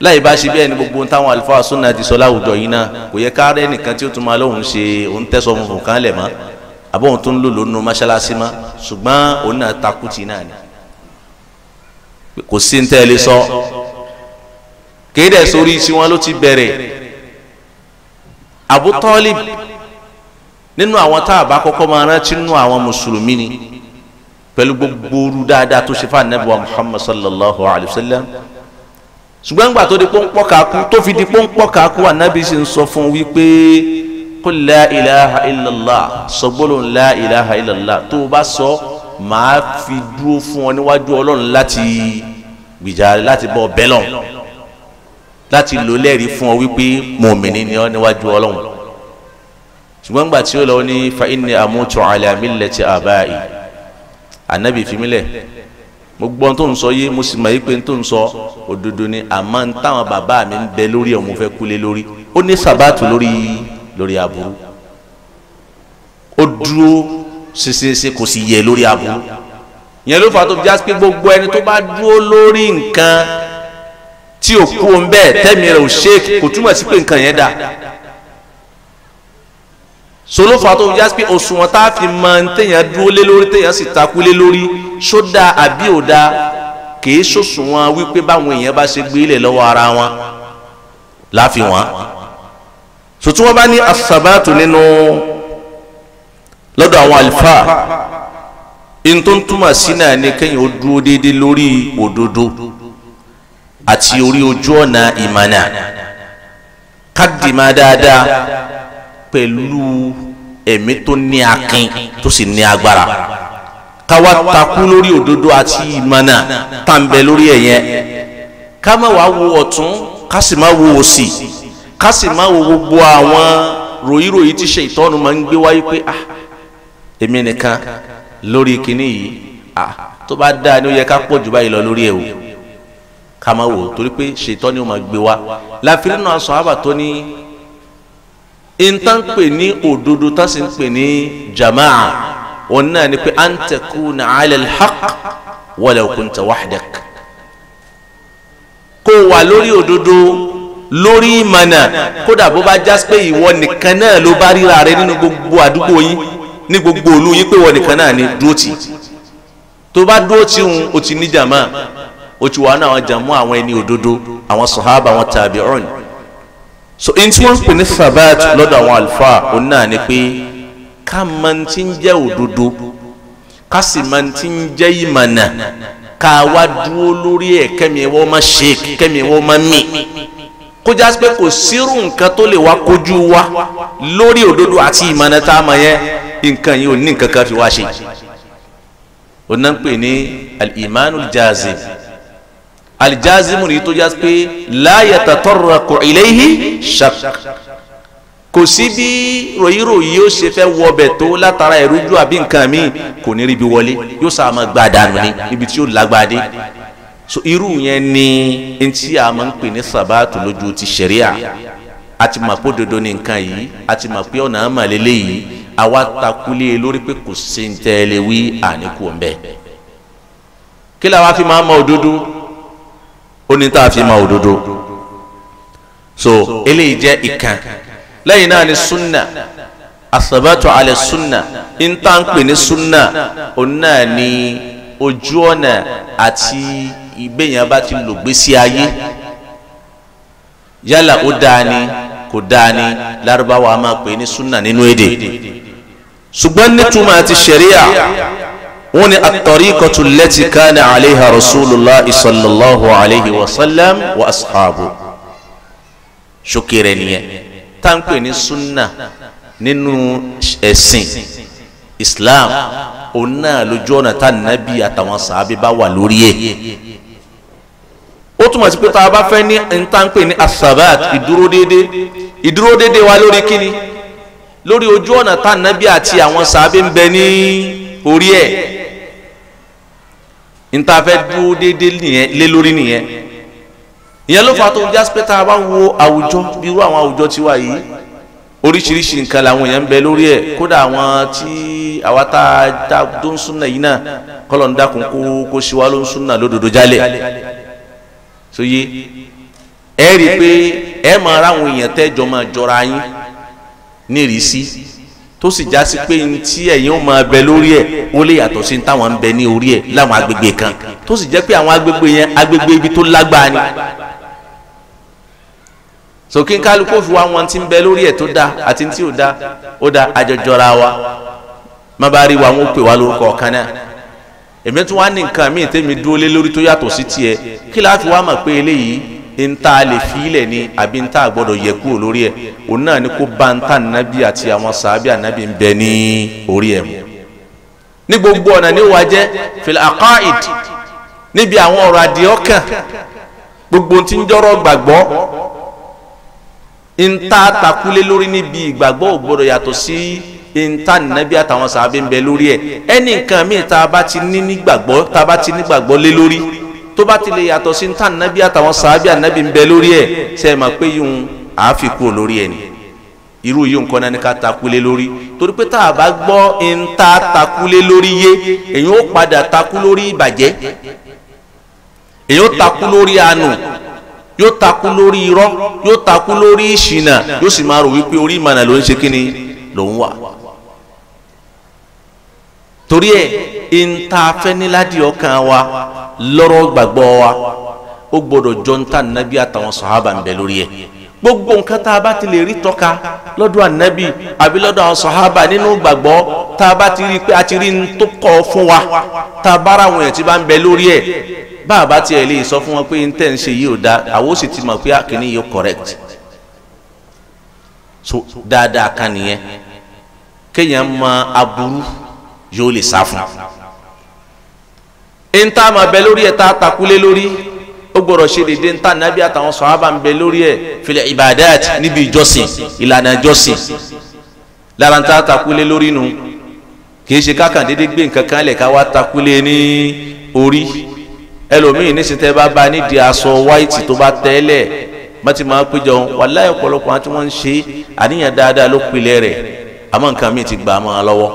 S1: láì bá ṣe bẹ́ẹ̀ ni gbogbo táwọn àlùfáà súnà ti sọ láwùjọ yìí náà kò yẹ ká rẹ́ nìkan tí ó tún máa lóun ṣe òun tẹ́sọ̀ funfun kan lẹ̀ mọ́ àbóhun tó ń lò lónú mọ́ṣáláṣí mọ́ ṣùgbọ́n òun náà takú ti náà ni kò sí ń tẹ́lẹ̀ sọ kéde sórí tí ló ti bẹ̀rẹ̀ Abu nínú àwọn tá a bá kọ́kọ́ máa rántí nínú àwọn mùsùlùmí ni pẹ̀lú gbogbo dáadáa tó ṣe fún anabi wa sallallahu alayhi wa sallam ṣùgbọ́n gbà tó di pọ́npọ́ kakú tó fi di pọ́npọ́ kakú anabi sì ń sọ fún wípé kó la ilaha illallah sọgbọ́lọ́ la ilaha illallah tó o bá sọ màá fi dúró fún ọ níwájú ọlọ́run láti gbìjà láti bọ́ bẹ́lọ̀ láti lò lẹ́rìí fún ọ wípé mòmìnì ni ọ níwájú ọlọ́run ṣùgbọ́n gbà tí ó lọ ní fa inni amutu ala millati abai anabi fimilẹ̀ mo gbọ́ tó ń sọ yé mo sì mọ̀ yí pé tó ń sọ òdodo ni àmọ́ ń táwọn bàbá mi ń bẹ lórí ọ̀hún fẹ́ kúlé lórí ó ní sàbáàtù lórí lórí aburú ó dúró ṣeṣeṣe kò sì yẹ lórí aburú yẹn ló fà tó fi jásí pé gbogbo ẹni tó bá dúró lórí nǹkan tí ò kú òun bẹ́ẹ̀ tẹ́mi rẹ̀ ò ṣe kò túmọ̀ sí pé nǹkan yẹn dáa solofa tó yá pé òṣùwọ̀n tá a fi mọ téèyàn dúró lé lórí téèyàn sì takú lé lórí sódà àbí òdà kìí sòṣùwọ̀n wípé báwọn èèyàn bá ṣe gbé ilẹ̀ ara wọn láàfin wọn sòtú bá ní asabatu nínú lọ́dọ̀ àwọn àlùfáà in tó ni kéèyàn ó dúró déédéé lórí òdodo àti orí ojú ọ̀nà ìmọ̀nà kádìmá dáadáa pẹ̀lú ẹ̀mí tó ní akin tó sì ní agbára káwa takú lórí òdodo àti ìmọ̀nà tàǹbẹ̀ lórí ẹ̀yẹn ká má wàá wo ọ̀tún ká sì má wo òsì ká sì má wo gbogbo àwọn ròyìnròyìn tí ṣe ìtọ́nu máa ń gbé wáyé pé ah èmi nìkan lórí kinní yìí ah tó bá dáa ni ó yẹ ká pọ̀ jù báyìí lọ lórí ẹ̀ o ká má wò ó torí pé ṣètọ́ ni ó máa gbé wá láfi nínú àwọn sàhábà tó intan pè ní òdodo tá sì ń pè ní jamaa òun náà ni pé an takuna ala alhaq walaw kunta wahdak kó wà lórí òdodo lórí ìmọ̀nà kódà bó bá jásí pé ìwọ nìkan náà ló bá ríra rẹ nínú gbogbo àdúgbò yín ní gbogbo òlu yín pé ìwọ nìkan náà ni dúró tì tó bá dúró tì ń o ti ní jamaa o ti wà ní àwọn jamaa àwọn ẹni òdodo àwọn sọ̀hábà àwọn tàbí ọ̀rìn so n tí wọ́n ń pè ní sabat lọ́dọ̀ àwọn àlùfáà òun náà ni pé ká mọ ní ti ń jẹ́ òdodo ká sì mọ ní ti ń jẹ́ ìmọ̀nà ká wá dúró lórí ẹ̀ kẹ́mi ẹ̀ wọ́n má ṣe kẹ́mi ẹ̀ wọ́n má mì kó pé kò sírù nǹkan tó lè wá kojú wa lórí òdodo àti ìmọ̀nà tá a mọ̀ yẹn nǹkan yìí ò ní nǹkan kan fi wá ṣe òun náà ń pè ní al-imanul jazim alijazimu rí tó já pé láyàtà tọrọ kò iléyìí ṣak kò sí bí ròyìnròyìn yóò ṣe fẹ́ wọbẹ̀ tó látara ìrújú àbí nǹkan míì kò ní ríbi wọlé yóò sá máa gba àdánù ni níbi tí yóò lágbàdé so irú yẹn ni ntí a máa ń pè ní sàbáàtù lójú ti ṣẹ̀ríà àti mọ̀ pé òdodo ni nǹkan yìí àti mọ̀ pé ọ̀nà àmàlélẹ́ yìí àwa takulé e lórí pé kò sí wí àníkù ọ̀nbẹ kí làwa fi máa mọ òdodo ó ní tá a fi máa òdodo so eléyìí jẹ́ ìkan lẹ́yìn náà ni sunna asabatu alẹ́ sunna intanpe ní sunna òun náà ni ojú ọ̀nà àti ìgbéyàn bá ti lògbésí ayé yálà ó dáa ni kò dáa ni lárúbáwá máa pè ní sunna nínú èdè ṣùgbọ́n nítumọ̀ àti ṣẹ̀ríà wọ́n ní at-tariqatu allati kana alayha rasulullah sallallahu alayhi wa sallam wa ashabu ṣókèrè nìyẹn táǹpẹ̀ ní sunna nínú ẹ̀sìn islam òun náà lójú ọ̀nà tá nàbí àtàwọn sàábí bá wà lórí ẹ̀ ó túmọ̀ sí pé tá a bá fẹ́ ní táǹpẹ̀ ní asabat ìdúró déédé ìdúró déédé wa lórí kíni lórí ojú ọ̀nà tá nàbí àti àwọn sàábí ń bẹ ní orí ẹ̀ níta fẹ́ dúró déédéé nìyẹn lé lórí nìyẹn ìyẹn ló fà tó jásí pé tá a bá wo àwùjọ bí irú àwọn àwùjọ tiwa yìí oríṣiríṣi nǹkan làwọn èèyàn ń bẹ lórí ẹ̀ kódà àwọn tí àwa tá a tó ń súnà yìí náà kọlọ̀ ń dákun kó kó ṣíwá ló ń súnà lódodo jálẹ̀ so yé ẹ rí i pé ẹ máa ráwọn èèyàn tẹ́jọ́ máa jọra yín nírìí sí tó sì já sí pé ntí ẹ̀yin ó máa bẹ lórí ẹ̀ ó lè yàtọ̀ sí táwọn ń bẹ ní orí ẹ̀ láwọn agbègbè kan tó sì jẹ́ pé àwọn agbègbè yẹn agbègbè ibi tó lágbára ni sòkè kálukó fi wá wọn ti ń bẹ lórí ẹ̀ tó dáa àti tí ò dáa ó dáa àjọjọra wa
S2: má bá rí wa wọn ó pè wá lórúkọ ọ̀kan náà
S1: èmi tún wá ní nǹkan míì tẹ́mi dúró lé lórí tó yàtọ̀ sí tiẹ̀ kí láti wá mọ̀ pé eléyìí ntá lè fílẹ̀ ni àbí ntá gbọ́dọ̀ yẹ kúrò lórí ẹ̀ òun náà ni kó bá ntá nàbí àti àwọn sàábì ànábì ń bẹ ní orí ẹ̀ mu. ní gbogbo ọ̀nà ní wàá jẹ́ fil aqaid níbi àwọn ọ̀rọ̀ àdìọ́kàn gbogbo tí ń jọ́rọ̀ gbàgbọ́ ntá takulé lórí níbi ìgbàgbọ́ ò gbọ́dọ̀ yàtọ̀ sí ntá nàbí àtàwọn sàábì ń bẹ lórí ẹ̀ ẹnì nǹkan míì tá bá ti ní nígbàgbọ́ tá bá ti nígbàgbọ́ lé lórí tó bá ti lè yàtọ̀ sí ntá nàbí àtàwọn sàábì ànábì ń bẹ lórí ẹ̀ ṣe é mà pé yìí ń àáfikù lórí ẹ̀ ni irú yìí ń kọ́ná ní ká takulé lórí torí pé tá a bá gbọ́ ntá takulé lórí yé èyí ó padà takú lórí ìbàjẹ́ èyí ó takú lórí àánú yóò takú lórí irọ́ yóò takú lórí ìṣìnà yóò sì máa rò wípé orí ìmọ̀nà ló ń ṣe kíni ló ń wà torí ẹ̀ ń ta afẹ́niládìí ọkàn wa lọ́rọ̀ gbàgbọ́ wa ó gbọ́dọ̀ jọ ń ta nàbí àtàwọn sọ̀hábà ń bẹ lórí ẹ̀ gbogbo nǹkan tá a bá ti lè rí tọ́ka lọ́dọ̀ ànábì àbí lọ́dọ̀ àwọn sọ̀hábà nínú gbàgbọ́ tá a bá ti rí i pé a ti rí n tó kọ́ fún wa tá a bára àwọn èèyàn ti bá ń bẹ lórí ẹ̀ bá a bá tiẹ̀ lè sọ fún wọn pé n tẹ̀ ń ṣe yìí ò dáa àwọn sì ti mọ̀ pé àkíní yìí correct so dáadáa kan nìyẹn kéèyàn mọ aburú yóò lè sá fún un ntá ma bẹ lórí ẹ tá a takulé lórí ó gbọ́dọ̀ ṣe dédé ntá nábì àtàwọn sọhábà ń bẹ lórí ẹ fil ibadat níbi ìjọsìn ìlànà ìjọsìn lára ntá takulé lórí nu kì í ṣe kákan dédé gbé nǹkan kan lẹ̀ ká wá takulé ní orí ẹlòmíì níṣẹ́ tẹ́ bá ba nídìí aṣọ wáìtì tó bá tẹ́lẹ̀ mọ́tì máa péjọ wàláyé ọ̀pọ̀lọpọ̀ àti wọ́n ń ṣe àníyàn dáadáa ló pilẹ̀ rẹ̀ àmọ́ nǹkan míì ti gbà á mọ́ ọ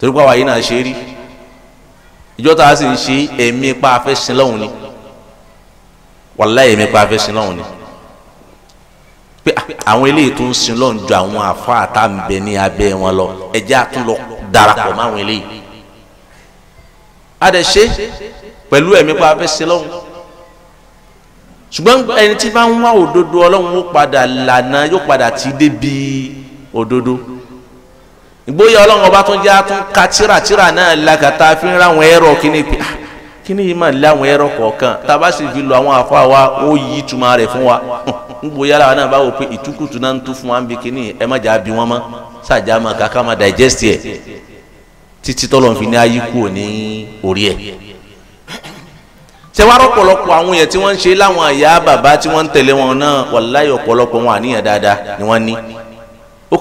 S1: torí pé àwa yìí náà ṣe rí ìjọ tá a sì ń ṣe èmi pa afẹ́sìn lọ́hùn ni wàlá èmi pa afẹ́sìn lọ́hùn ni pé àwọn eléyìí tó ń sin lọ́hùn ju àwọn àfa àtàǹbẹ ní abẹ́ wọn lọ ẹjẹ́ àtúnlọ darapọ̀ mọ́ àwọn eléyìí adẹ ṣe pẹ̀lú ẹ̀mí pa afẹ́sìn lọ́hùn ṣùgbọ́n ẹni tí bá ń wá òdodo ọlọ́run ó padà lànà yóò padà ti débi òdodo ìgbóyà ọlọ́run ọba tún já tún ka tíratíra náà làkàtà fi ń ráwọn ẹrọ kíní pé ah, kíní yìí máa láwọn ẹ̀rọ kọ̀ọ̀kan sì fi lo àwọn wa ó yí ìtumọ̀ rẹ̀ fún wa ìgbóyà làwọn náà bá wò wa ń bi kíní ẹ má jà bí wọn mọ́ sàjà máa kàkà máa digest ẹ̀ títí tọ́lọ̀ fi ní ayé kúrò ní orí ẹ̀ àwọn yẹn tí wọ́n ń ṣe láwọn bàbá tí wọ́n ń tẹ̀lé wọn náà wọn àníyàn dáadáa ni wọ́n ní ó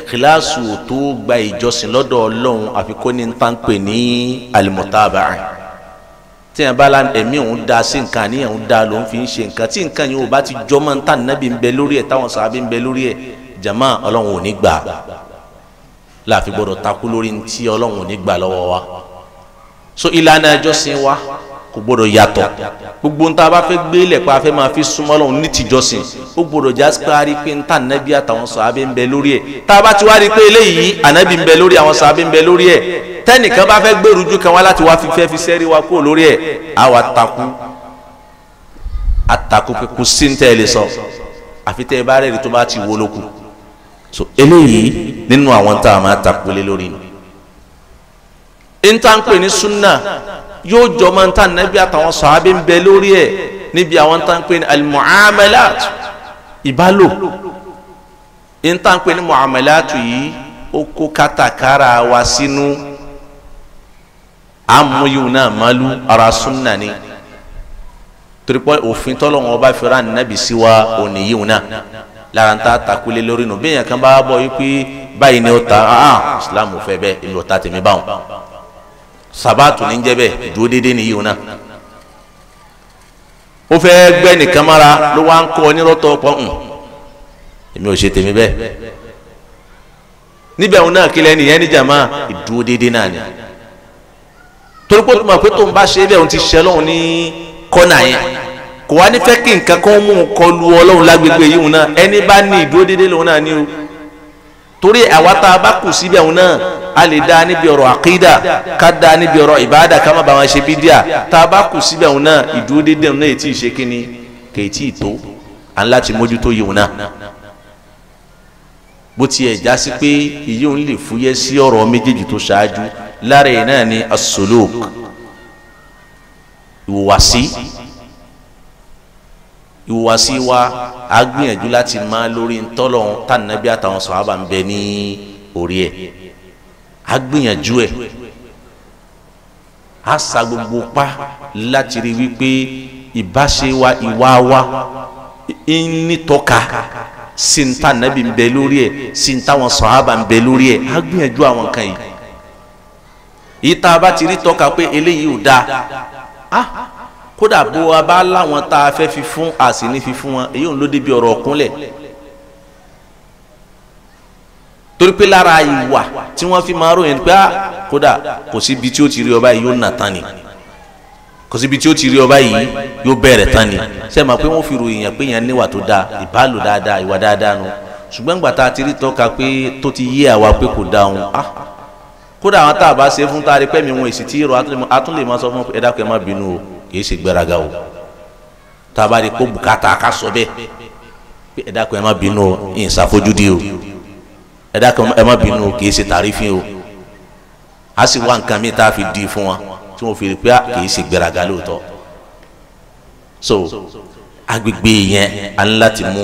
S1: ìkìláàsù tó gba ìjọsìn lọ́dọ̀ ọlọ́run àfi kó ní tánpẹ̀ ní alimọ̀tàbà tí yẹn bá ẹ̀mí òun da sí nǹkan àníyàn òun da lòun fi ń ṣe nǹkan tí nǹkan yìí ò bá ti jọmọ́ ń tàn nábì ń bẹ lórí ẹ̀ táwọn sàábì ń bẹ lórí ẹ̀ jama ọlọ́run ò ní gbà láàfin gbọ́dọ̀ takú lórí ntí ọlọ́run ò ní gbà lọ́wọ́ wa so ìlànà ìjọsìn wa kò gbọdọ̀ yàtọ̀ gbogbo nta bá fẹ́ gbé ilẹ̀ pa afẹ́ máa fi súnmọ́ lọ́hùn ní tìjọsìn ó gbọdọ̀ jásípé a rí pé nta nẹ́bí àtàwọn sàábẹ́ ń bẹ lórí ẹ̀ tá a bá ti wá rí pé eléyìí ànábì ń bẹ lórí àwọn sàábẹ́ ń bẹ lórí ẹ̀ tẹ́nìkan bá fẹ́ gbèrú ju kan wá láti wá fi fẹ́ fi sẹ́rí wa kúrò lórí ẹ̀ á wà takú kò sí ní tẹ́lẹ̀ sọ àfi tẹ́ bá rẹ̀ tó bá ti wó lóku so eléyìí nínú àwọn tá a máa lé lórí ni. ń tá sunna yóò jọ máa ń tà nẹ́bí àtàwọn sàábí ń bẹ lórí ẹ̀ níbi àwọn tá ń pè ní alimuamalat ìbálò ń tà ń pè ní muamalat yìí ó kó kátàkárà wá sínú amúyíw náà malu ara sunna ni torí pé òfin tọ́lọ́wọ́n ọba fẹ́ràn nẹ́bí sí wa òní náà lára ń ta takulé lórí nù bí èèyàn kan bá bọ̀ yí pé báyìí ni ó ta islam fẹ́ bẹ́ẹ̀ èmi ò tèmi báwọn sabatu ní jẹ́bẹ̀ dúró déédéé nìyí òun náà ó fẹ́ gbẹ́ nìkan mára ló wá ni kọ́ nírọ́tọ̀ pọ́hùn èmi ò ṣe tèmi bẹ́ẹ̀ níbẹ̀ òun náà kílẹ̀ nìyẹn ní jàmá ìdúró déédéé náà ni torí pé tó máa pé tó ń bá ṣe bẹ́ẹ̀ òun ti ṣẹ́ lọ́hùn ní kọ́nà yẹn kò wá ní fẹ́ kí nǹkan mú un kọlu ọlọ́run lágbègbè yìí òun bá ní ìdúró lòun náà ní o torí àwa tá a bá kù síbi àwọn náà a lè dá níbi ọ̀rọ̀ àkídà ká dá níbi ọ̀rọ̀ ìbáàdà ká má bá wọn ṣe bídíà tá a bá kù síbi àwọn náà ìdúró dédé àwọn ètí ìṣe kínní kè à ń láti mójútó yìí wọn náà bó tiẹ̀ já sí pé èyí òun lè fúyẹ́ sí ọ̀rọ̀ méjèèjì tó ṣáájú lára ẹ̀ náà ni asolóòkù ìwòwàsí. As ìhùwàsí wa á gbìyànjú láti má lórí ntọ́lọ̀ tànàbí àtàwọn sọ̀hábà ń bẹ ní orí ẹ̀ á gbìyànjú ẹ̀ á sa gbogbo pa láti rí wípé ìbáṣe wa ìwà wa ìnítọ́ka sí ń tànàbí ń bẹ lórí ẹ̀ sí ń táwọn sọ̀hábà ń bẹ lórí ẹ̀ á gbìyànjú àwọn kan yìí ìta bá ti rí tọ́ka pé eléyìí ò dáa ah kódà bó a bá láwọn tá a fẹ́ fi fún a sì ní fi fún wọn èyí òun ló débi ọ̀rọ̀ ọ̀kúnlẹ̀ torí pé lára ìwà tí wọ́n fi máa ròyìn pé ah, kódà kò síbi tí ó ti rí ọba yìí yóò nà tán ni kò síbi tí ó ti rí ọba yìí yóò bẹ̀rẹ̀ tán ni ṣe máa pé wọ́n fi ròyìn yẹn pé yẹn níwà tó dáa ìbálò dáadáa ìwà dáadáa nu ṣùgbọ́n gbà tá a ti rí tọ́ka pé tó ti yé àwa pé kò dáhùn ah kódà àwọn tá a bá ṣe fún tá a rí pẹ́mi wọn èsì tí ìrọ̀ atúnlẹ̀ máa sọ fún ẹ̀dá kẹ́ má bínú o kì í ṣe gbéraga o tá a bá rí kó bùkátà ká sọ bẹ́ẹ̀ pé ẹ dákun ẹ má bínú o ìyìn ṣàfojúdi o ẹ ẹ má bínú o kì í ṣe tàrífín o a sì wá nǹkan mi tá fi di fún wa tí wọ́n fi rí pé ah, kì í ṣe gbéraga lóòótọ́ so agbègbè yẹn a ní láti mú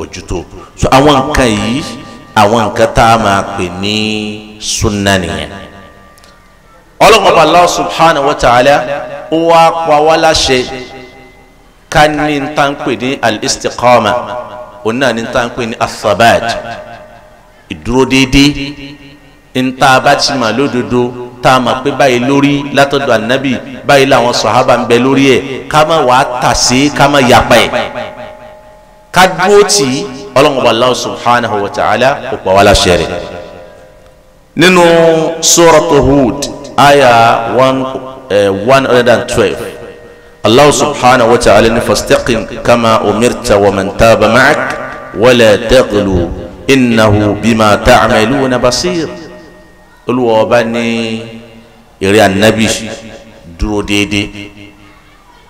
S1: ojútó so àwọn nǹkan yìí àwọn nǹkan tá a máa pè ní sunna nìyẹn ọlọ́run ọba allah subhanahu wa ta'ala ó wá pa wá láṣẹ ká ní n tá n pè ní al-istiqama òun náà ní n tá n pè ní athabat ìdúró déédéé n tá a bá ti mà lódodo tá a mà pé báyìí lórí látọ̀dọ̀ ànábì báyìí làwọn sọ̀hábà ń bẹ lórí ẹ̀ ká má wàá tà sí ká má yapa ẹ̀ ká dúró tì í ọlọ́run ọba subhanahu wa ta'ala ó pa wá láṣẹ rẹ̀ nínú suratu Hud aya one eh, one hundred and twelve allah subhanahu wa ta'ala ni fastaqim kama umirta wa man taba ma'ak wala taqlu innahu bima ta'maluna basir Olúwa Ọba ní èrè ànábì dúró déédéé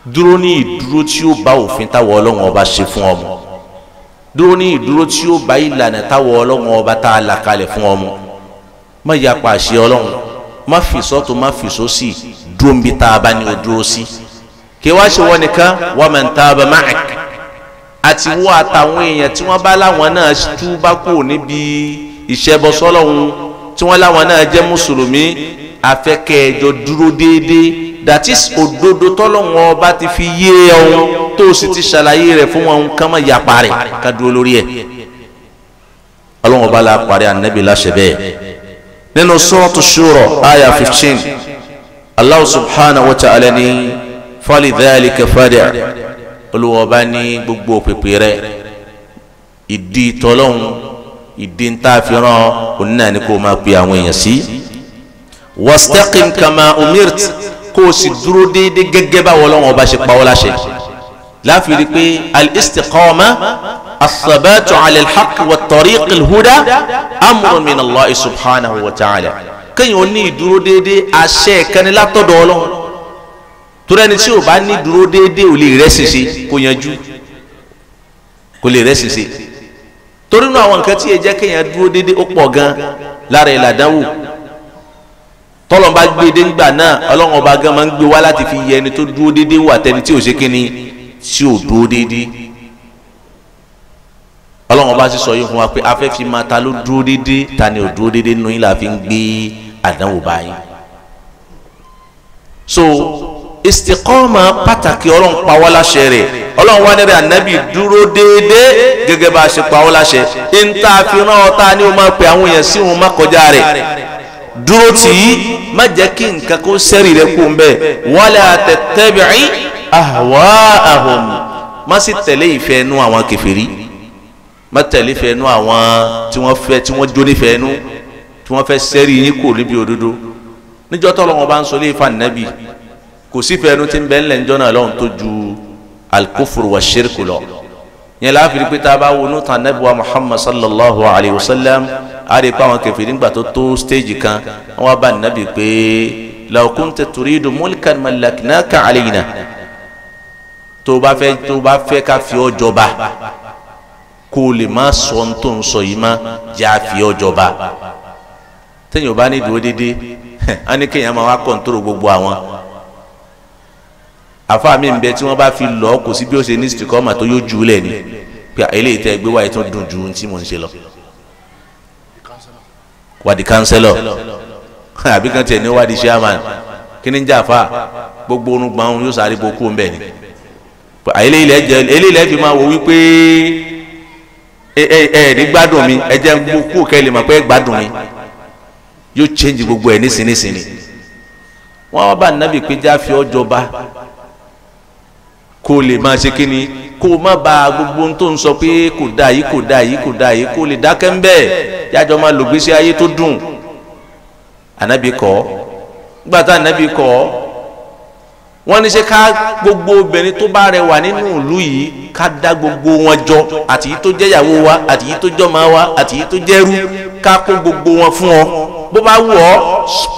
S1: dúró ní ìdúró tí ó bá òfin táwọn Ọlọ́run Ọba ṣe fún ọmọ dúró ní ìdúró tí ó bá ìlànà táwọn Ọlọ́run Ọba tá a là kalẹ̀ fún ọmọ má yapa àṣẹ Ọlọ́run Ma fi sọ́tún ma fi si dúró ń bi tá a bá ní o dúró sí kí wá ṣe wọ́n nìkan wọ́n máa ń tá a bá máa kì àti wọ́n àtàwọn èèyàn tí wọ́n bá láwọn náà tú bá kú níbi ìṣẹ́bọsọ́lọ́hún tí wọ́n láwọn náà jẹ́ mùsùlùmí afẹ́kẹ́ẹ̀jọ dúró déédéé that is òdodo tọ́lọ́wọ́n ọba ti fi yé ọ̀hún e tó o sì ti ṣàlàyé rẹ̀ fún wọn kán mọ̀ yapa rẹ̀ ká dúró lórí ẹ̀ ọlọ́wọ́n ọba la parí ànábì láṣẹ bẹ́ẹ̀ nínú sọ́ọ̀tù ṣúrà àyà 15 Allah subhanahu wa ta'ala ní falidhalika fad'a olùwọ́ba ní gbogbo òpèpè rẹ ìdí tọ́lọ́hún ìdí ntá fìràn onínáà ni kò máa pe àwọn èèyàn sí. wastaqim kama umirt kó sì dúró déédéé gẹ́gẹ́ báwo Ọlọ́hun ọba ṣe pa ọ́ láṣẹ láfi rí i pé al الثبات على الحق والطريق الهدى أمر من الله سبحانه وتعالى كن يوني درو ديدي أشي كان لا تدولون ترى نتي او با ني درو ديدي ó lè resisi kò yanjú kò lè resisi torí nu àwọn nǹkan tí ẹ jẹ́ kéèyàn dúró dédé ó pọ̀ gan lára ìlàdánwò tọ́lọ́n bá gbé dé ńgbà náà ọlọ́run ọba gan máa ń gbé wá láti fi yẹ ẹni tó dúró dédé wò àtẹni tí ò ṣe kíni tí ò dúró dédé ọlọ́run ọba sì sọ yìí fún wa pé afẹ́ fi máa ta ló dúró déédéé ta ni ò dúró déédéé nínú yín la fi ń gbé àdánwò báyìí. so istiqama pàtàkì ọlọ́run pa wá láṣẹ rẹ̀ ọlọ́run wá nílẹ̀ ànábì dúró déédéé gẹ́gẹ́ bá a ṣe pa láṣẹ ń tá fi rán ọ tá a o máa pe àwọn èèyàn sí òun má kọjá rẹ̀ dúró tì í má jẹ́ kí nǹkan kó sẹ́rì rẹ kó ń bẹ̀ wala tattabi'i ahwa'ahum má sì tẹ̀lé ìfẹ́ nú àwọn kèfèrí má tẹ̀lé fẹ́nu àwọn tí wọ́n fẹ́ tí wọ́n jó nífẹ̀ẹ́nu tí wọ́n fẹ́ sẹ́rí yín kò níbi òdodo níjọ́ tọ́lọ́ wọn bá ń sọ lé ìfà nẹ́bì kò sí fẹ́nu tí ń bẹ́ ńlẹ̀ ńjọ́ náà lọ́hùn tó ju alikófòrò wa ṣírkù lọ yẹn láàfin pé tá a bá wọnú tán nẹ́bí wa muhammad sallallahu alayhi wa sallam a pa àwọn kẹfì nígbà tó tó stéèjì kan wọn bá nẹ́bí pé law kunta tó bá fẹ́ ká fi ọ́ jọba kó o lè má sọ ń tó ń sọ yìí má jẹ́ àfi ọjọba tẹ́yìn ò bá ní ìdúró déédéé á ní kéèyàn máa wá kọ̀ǹtóró gbogbo àwọn àfa mi ń bẹ tí wọ́n bá fi lọ kò sí bí ó ṣe ní sìtìkọ́mà tó yóò jù ú lẹ̀ ni pé eléyìí tẹ́ gbé wáyé tó dùn ju ohun tí mò ń ṣe lọ wádìí kánsẹ́lọ̀ àbí kan tiẹ̀ ní wádìí chairman kí jà fa gbogbo orun yóò sáré bo kú ń ni eléyìí lẹ́ fi máa wò wípé ẹ ẹ ẹ ní gbádùn mi ẹ jẹ́ kó kó kẹ́ lè mọ̀ pé gbádùn mi yóò change gbogbo ẹ̀ nísinsìnyí wọ́n wá bá nàbì pé fi ọjọ́ bá kó lè máa ṣe kíni kó má ba gbogbo ohun tó ń sọ pé kò dáa yìí kò dáa yìí kò dáa yìí kó lè dákẹ́ ń bẹ́ẹ̀ yájọ máa lògbésí ayé tó dùn ànábì kọ́ gbàtà ànábì kọ́ ọ́ wọ́n ní ṣe ká gbogbo obìnrin tó bá rẹwà nínú ìlú yìí ká dá gbogbo wọn jọ àti yìí tó jẹ́ ìyàwó wa àti yìí tó jọ́ máa wa àti yìí tó jẹ́rú ká kó gbogbo wọn fún ọ bó bá wù ọ́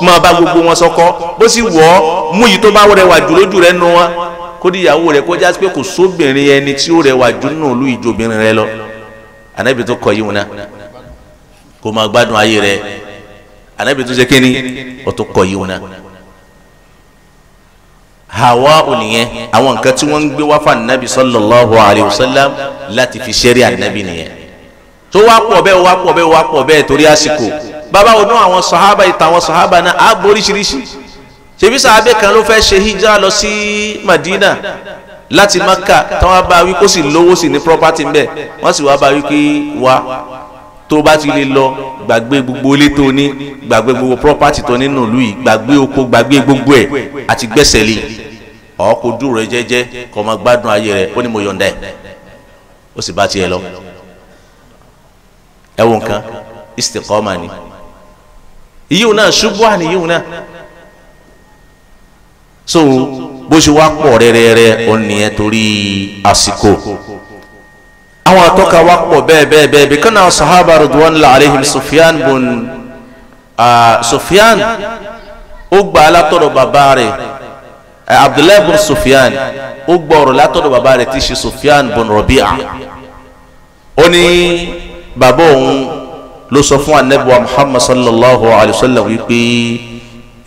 S1: máa bá gbogbo wọn sọkọ bó sì wù ọ́ mú yìí tó bá rẹwà jù lójú rẹ nu wọn kó di ìyàwó rẹ kó já sí pé kò sóbìnrin ẹni tí ó rẹwà jù nínú ìlú ìjọ obìnrin rẹ lọ ànábì tó kọ yìí wọn kó máa gbádùn ayé rẹ ànábì tó ṣe kíni ó tó kọ yìí wọn náà hawa onìyẹn àwọn nǹkan tí wọ́n ń gbé wáfà nàbì sallallahu alayhi wa sallam láti fi ṣeré ànàbì nìyẹn tó wá pọ̀ bẹ́ẹ̀ wá pọ̀ bẹ́ẹ̀ wá pọ̀ bẹ́ẹ̀ torí àsìkò bàbá wo náà àwọn sàhábà ìtàwọn sàhábà náà á boríṣiríṣi ṣèbí sàhábà kan ló fẹ́ ṣe hijra lọ sí Madina láti Makka táwọn bá kó sì lówó sí ní property ń bẹ̀ wọ́n sì wá bá kí wá tó bá ti lè lọ gbàgbé gbogbo ilé tó ní gbàgbé gbogbo property tó nínú ìlú yìí gbàgbé oko gbàgbé gbogbo ẹ̀ àti gbẹ́sẹ̀ lé ọkọ̀ dúró rẹ jẹjẹ kó máa gbádùn ayé rẹ ó ní mo yọ̀ǹda ẹ̀ ó sì bá tiẹ̀ lọ ẹ nǹkan ni yíyún náà ṣubú àní yíyún náà so bó ṣe wá pọ̀ rẹ́rẹ́rẹ́ ó nìyẹn torí àsìkò. àwọn àtọ́ka wa pọ̀ bẹ́ẹ̀ bẹ́ẹ̀ bẹ́ẹ̀ bí kan náà sahaba ridwanullah alaihim Sufyan bun Sufyan ó gbà á látọ̀dọ̀ bàbá rẹ̀ Abdullahi bun Sufyan ó gbọ́rọ̀ látọ̀dọ̀ bàbá rẹ̀ tí í ṣe Sufyan bun Rabi'a ó ní bàbá òun ló sọ fún anabiwa Muhammad sallallahu alayhi wa sallam wípé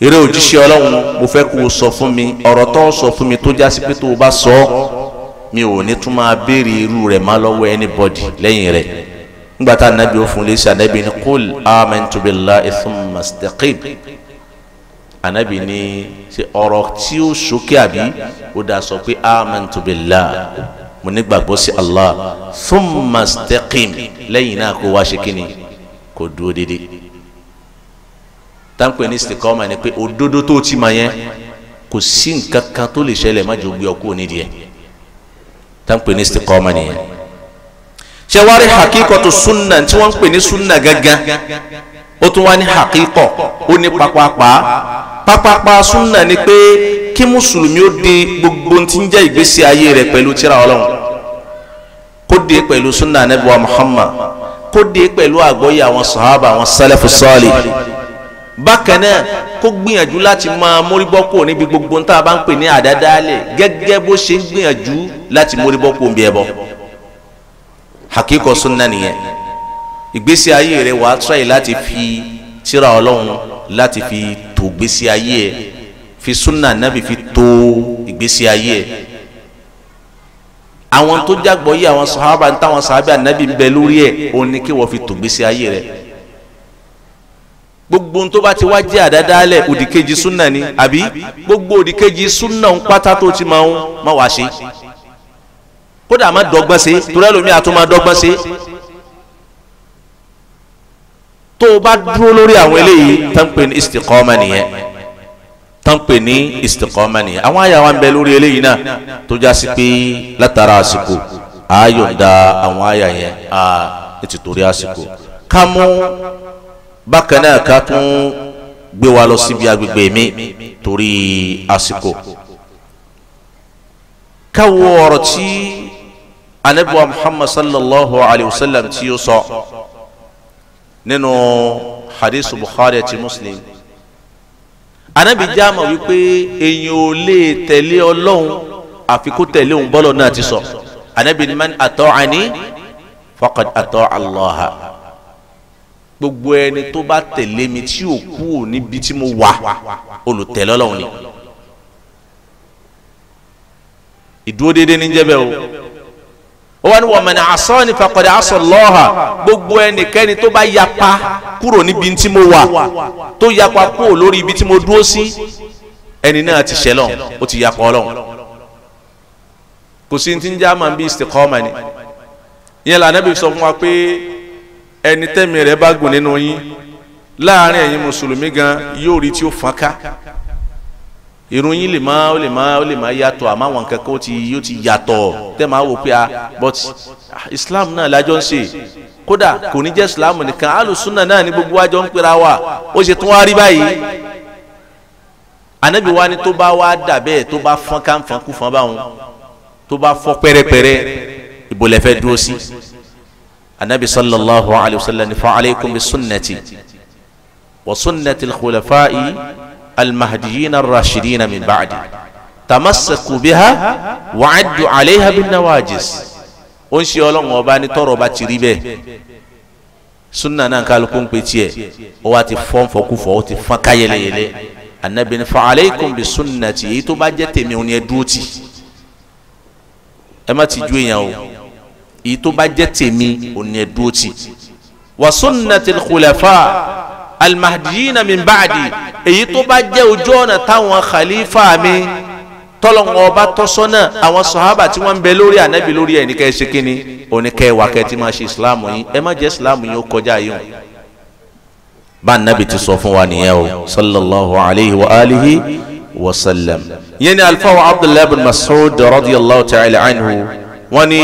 S1: eré òjíṣẹ́ ọlọ́run mo fẹ́ kó o sọ mi ọ̀rọ̀ tó sọ fún mi tó jásí pé tó o bá sọ mi ò ní tún máa béèrè irú rẹ̀ má lọ́wọ́ anybody lẹ́yìn rẹ̀ nígbà tá anabi ó fún lẹ́sẹ̀ anabi ní kul amantu billahi thumma istaqim anabi ní ọ̀rọ̀ tí ó sókè àbí ó dà sọ pé amantu billahi mo ní gbàgbọ́ sí Allah thumma istaqim lẹ́yìn náà kó wá ṣe kíni kó dúró dédé táǹpẹ̀ ní istikọ́mà ni pé òdodo tó ti mà yẹn kò sí nǹkan kan tó lè ṣẹlẹ̀ má jò gbé ọkú onídìí yẹn tá ń pè ní istikọ́ma nìyẹn ṣé wàá rí hakíkọ̀tù sunna tí wọ́n ń pè ní sunna gangan ó tún wá ní hakíkọ̀ ó ní pápápá pápápá sunna ni pé kí mùsùlùmí ó di gbogbo tí ń jẹ́ ìgbésí ayé rẹ̀ pẹ̀lú tíra ọlọ́run kó di pẹ̀lú sunna anabiwa muhammad kó di pẹ̀lú àgbọ́yé àwọn sahaba àwọn salafu salih bákan náà kó gbìyànjú láti máa mórìbọ́ kò níbi gbogbo ń tá a bá ń pè ní àdádálẹ̀ gẹ́gẹ́ bó ṣe ń gbìyànjú láti mórìbọ́ kò ń bí ẹbọ hakíkọ sunna nìyẹn ìgbésí ayé rẹ wàá tíráyè láti fi tírà ọlọ́run láti fi tó ìgbésí ayé ẹ fi sunna nábì fi tó ìgbésí ayé ẹ àwọn tó jágbọ́ yé àwọn sàhábà ń táwọn sàhábà nábì ń bẹ lórí ẹ òun ni kí wọ́n fi tó ìgbésí ayé rẹ gbogbo ohun tó bá ti wá jẹ́ àdádálẹ̀ òdìkejì súnà ni àbí gbogbo òdìkejì súnà ń pátá tó ti máa ń máa wá ṣe kódà má dọ́gbọ́n ṣe torí ẹlòmíà tó máa dọ́gbọ́n ṣe tó o bá dúró lórí àwọn eléyìí tán pè ní istiqama nìyẹn tán pè ní istiqama nìyẹn àwọn àyà wa ń bẹ lórí eléyìí náà tó já sí pé látara àsìkò ààyò ń da àwọn àyà yẹn a ti torí àsìkò ká mú bákan náà ká tún gbé wa lọ síbi agbègbè mi torí àsìkò káwọ ọ̀rọ̀ tí anabiwa muhammad sallallahu alayhi wa sallam tí ó sọ nínú hadithu bukhari àti muslim anabi jaama wípé èèyàn ò lè tẹ̀lé ọlọ́run àfi tẹ̀lé òun bọ́lọ̀ náà ti sọ anabi man ata'ani faqad ata'a allaha gbogbo ẹni tó bá tẹ̀lé mi tí ò kú ò níbi tí mo wà olùtẹ̀lé ọlọ́run ni ìdúró déédéé ní jẹ́ bẹ́ẹ̀ o wọn ni wọn mẹni asọ ni fakọdẹ asọ lọha gbogbo ẹnikẹ́ni tó bá yapa kúrò níbi tí mo wà tó yapa kúrò lórí ibi tí mo dúró sí ẹni náà ti ṣẹlọ ó ti yapa ọlọ́run kò sí ní ti ń já bí istiqama ni ìyẹn lànà bí sọ fún wa pé ẹni tẹ́mi rẹ̀ bá gùn nínú yín láàrin ẹ̀yin mùsùlùmí gan yóò rí tí ó fọ́n ká irun yín lè má ó lè má ó lè má yàtọ̀ àmọ́ àwọn nǹkan kan yóò ti yàtọ̀ tẹ́ máa wò pé a ah, but ah, Islam náà lájọ́ ń ṣe kódà kò ní jẹ́ Islam nìkan alùsùnà náà ní gbogbo àjọ ń pera wa ó ṣe tún wá rí báyìí anabi wa ni tó bá wá dà bẹ́ẹ̀ tó bá fọ́n ká ń fọ́n kú fọ́n báwọn tó bá fọ́ pẹ́rẹ́pẹ́rẹ́ ìbò dúró sí. Si anabi sallallahu alayhi wa sallam fa alaykum bi sunnati wa sunnati al-khulafa'i al-mahdiyyin ar-rashidin min ba'di tamassaku biha wa addu alayha bin nawajis ó ń ṣe ọlọ́run ọba ní tọrọ bá ti rí bẹ́ẹ̀ sunna náà kálukú ń pe tiẹ̀ ó wá ti fọ́n fọ́kúfọ́ ó ti fọ́n ká yẹlẹyẹlẹ anabi ní fa alaykum bi sunnati èyí tó bá jẹ́ tèmi òun ni ẹ dúró tì ẹ má ti ju èèyàn o èyí tó bá jẹ́ tèmi òní ẹ̀ dúró tì wa sunnatil khulafa almahdiyina min ba'di èyí tó bá jẹ́ ojú ọ̀nà táwọn khalifa mi tọ́lọ́wọ́n ọba tọ́sọ́nà àwọn sọ̀hábà tí wọ́n ń bẹ lórí ànábì lórí ẹ̀ ní kẹ́ ẹ ṣe kínní òní kẹ́ ẹ wà kẹ́ ẹ ti máa ṣe ìsìláàmù yín ẹ má jẹ́ ìsìláàmù yín ó kọjá yín o. bá ànábì ti sọ fún wa nìyẹn o sallallahu alayhi wa alihi wa sallam. yẹn ni alfaw abdullahi bin masoud radiyallahu ta'ala anhu wọ́n ní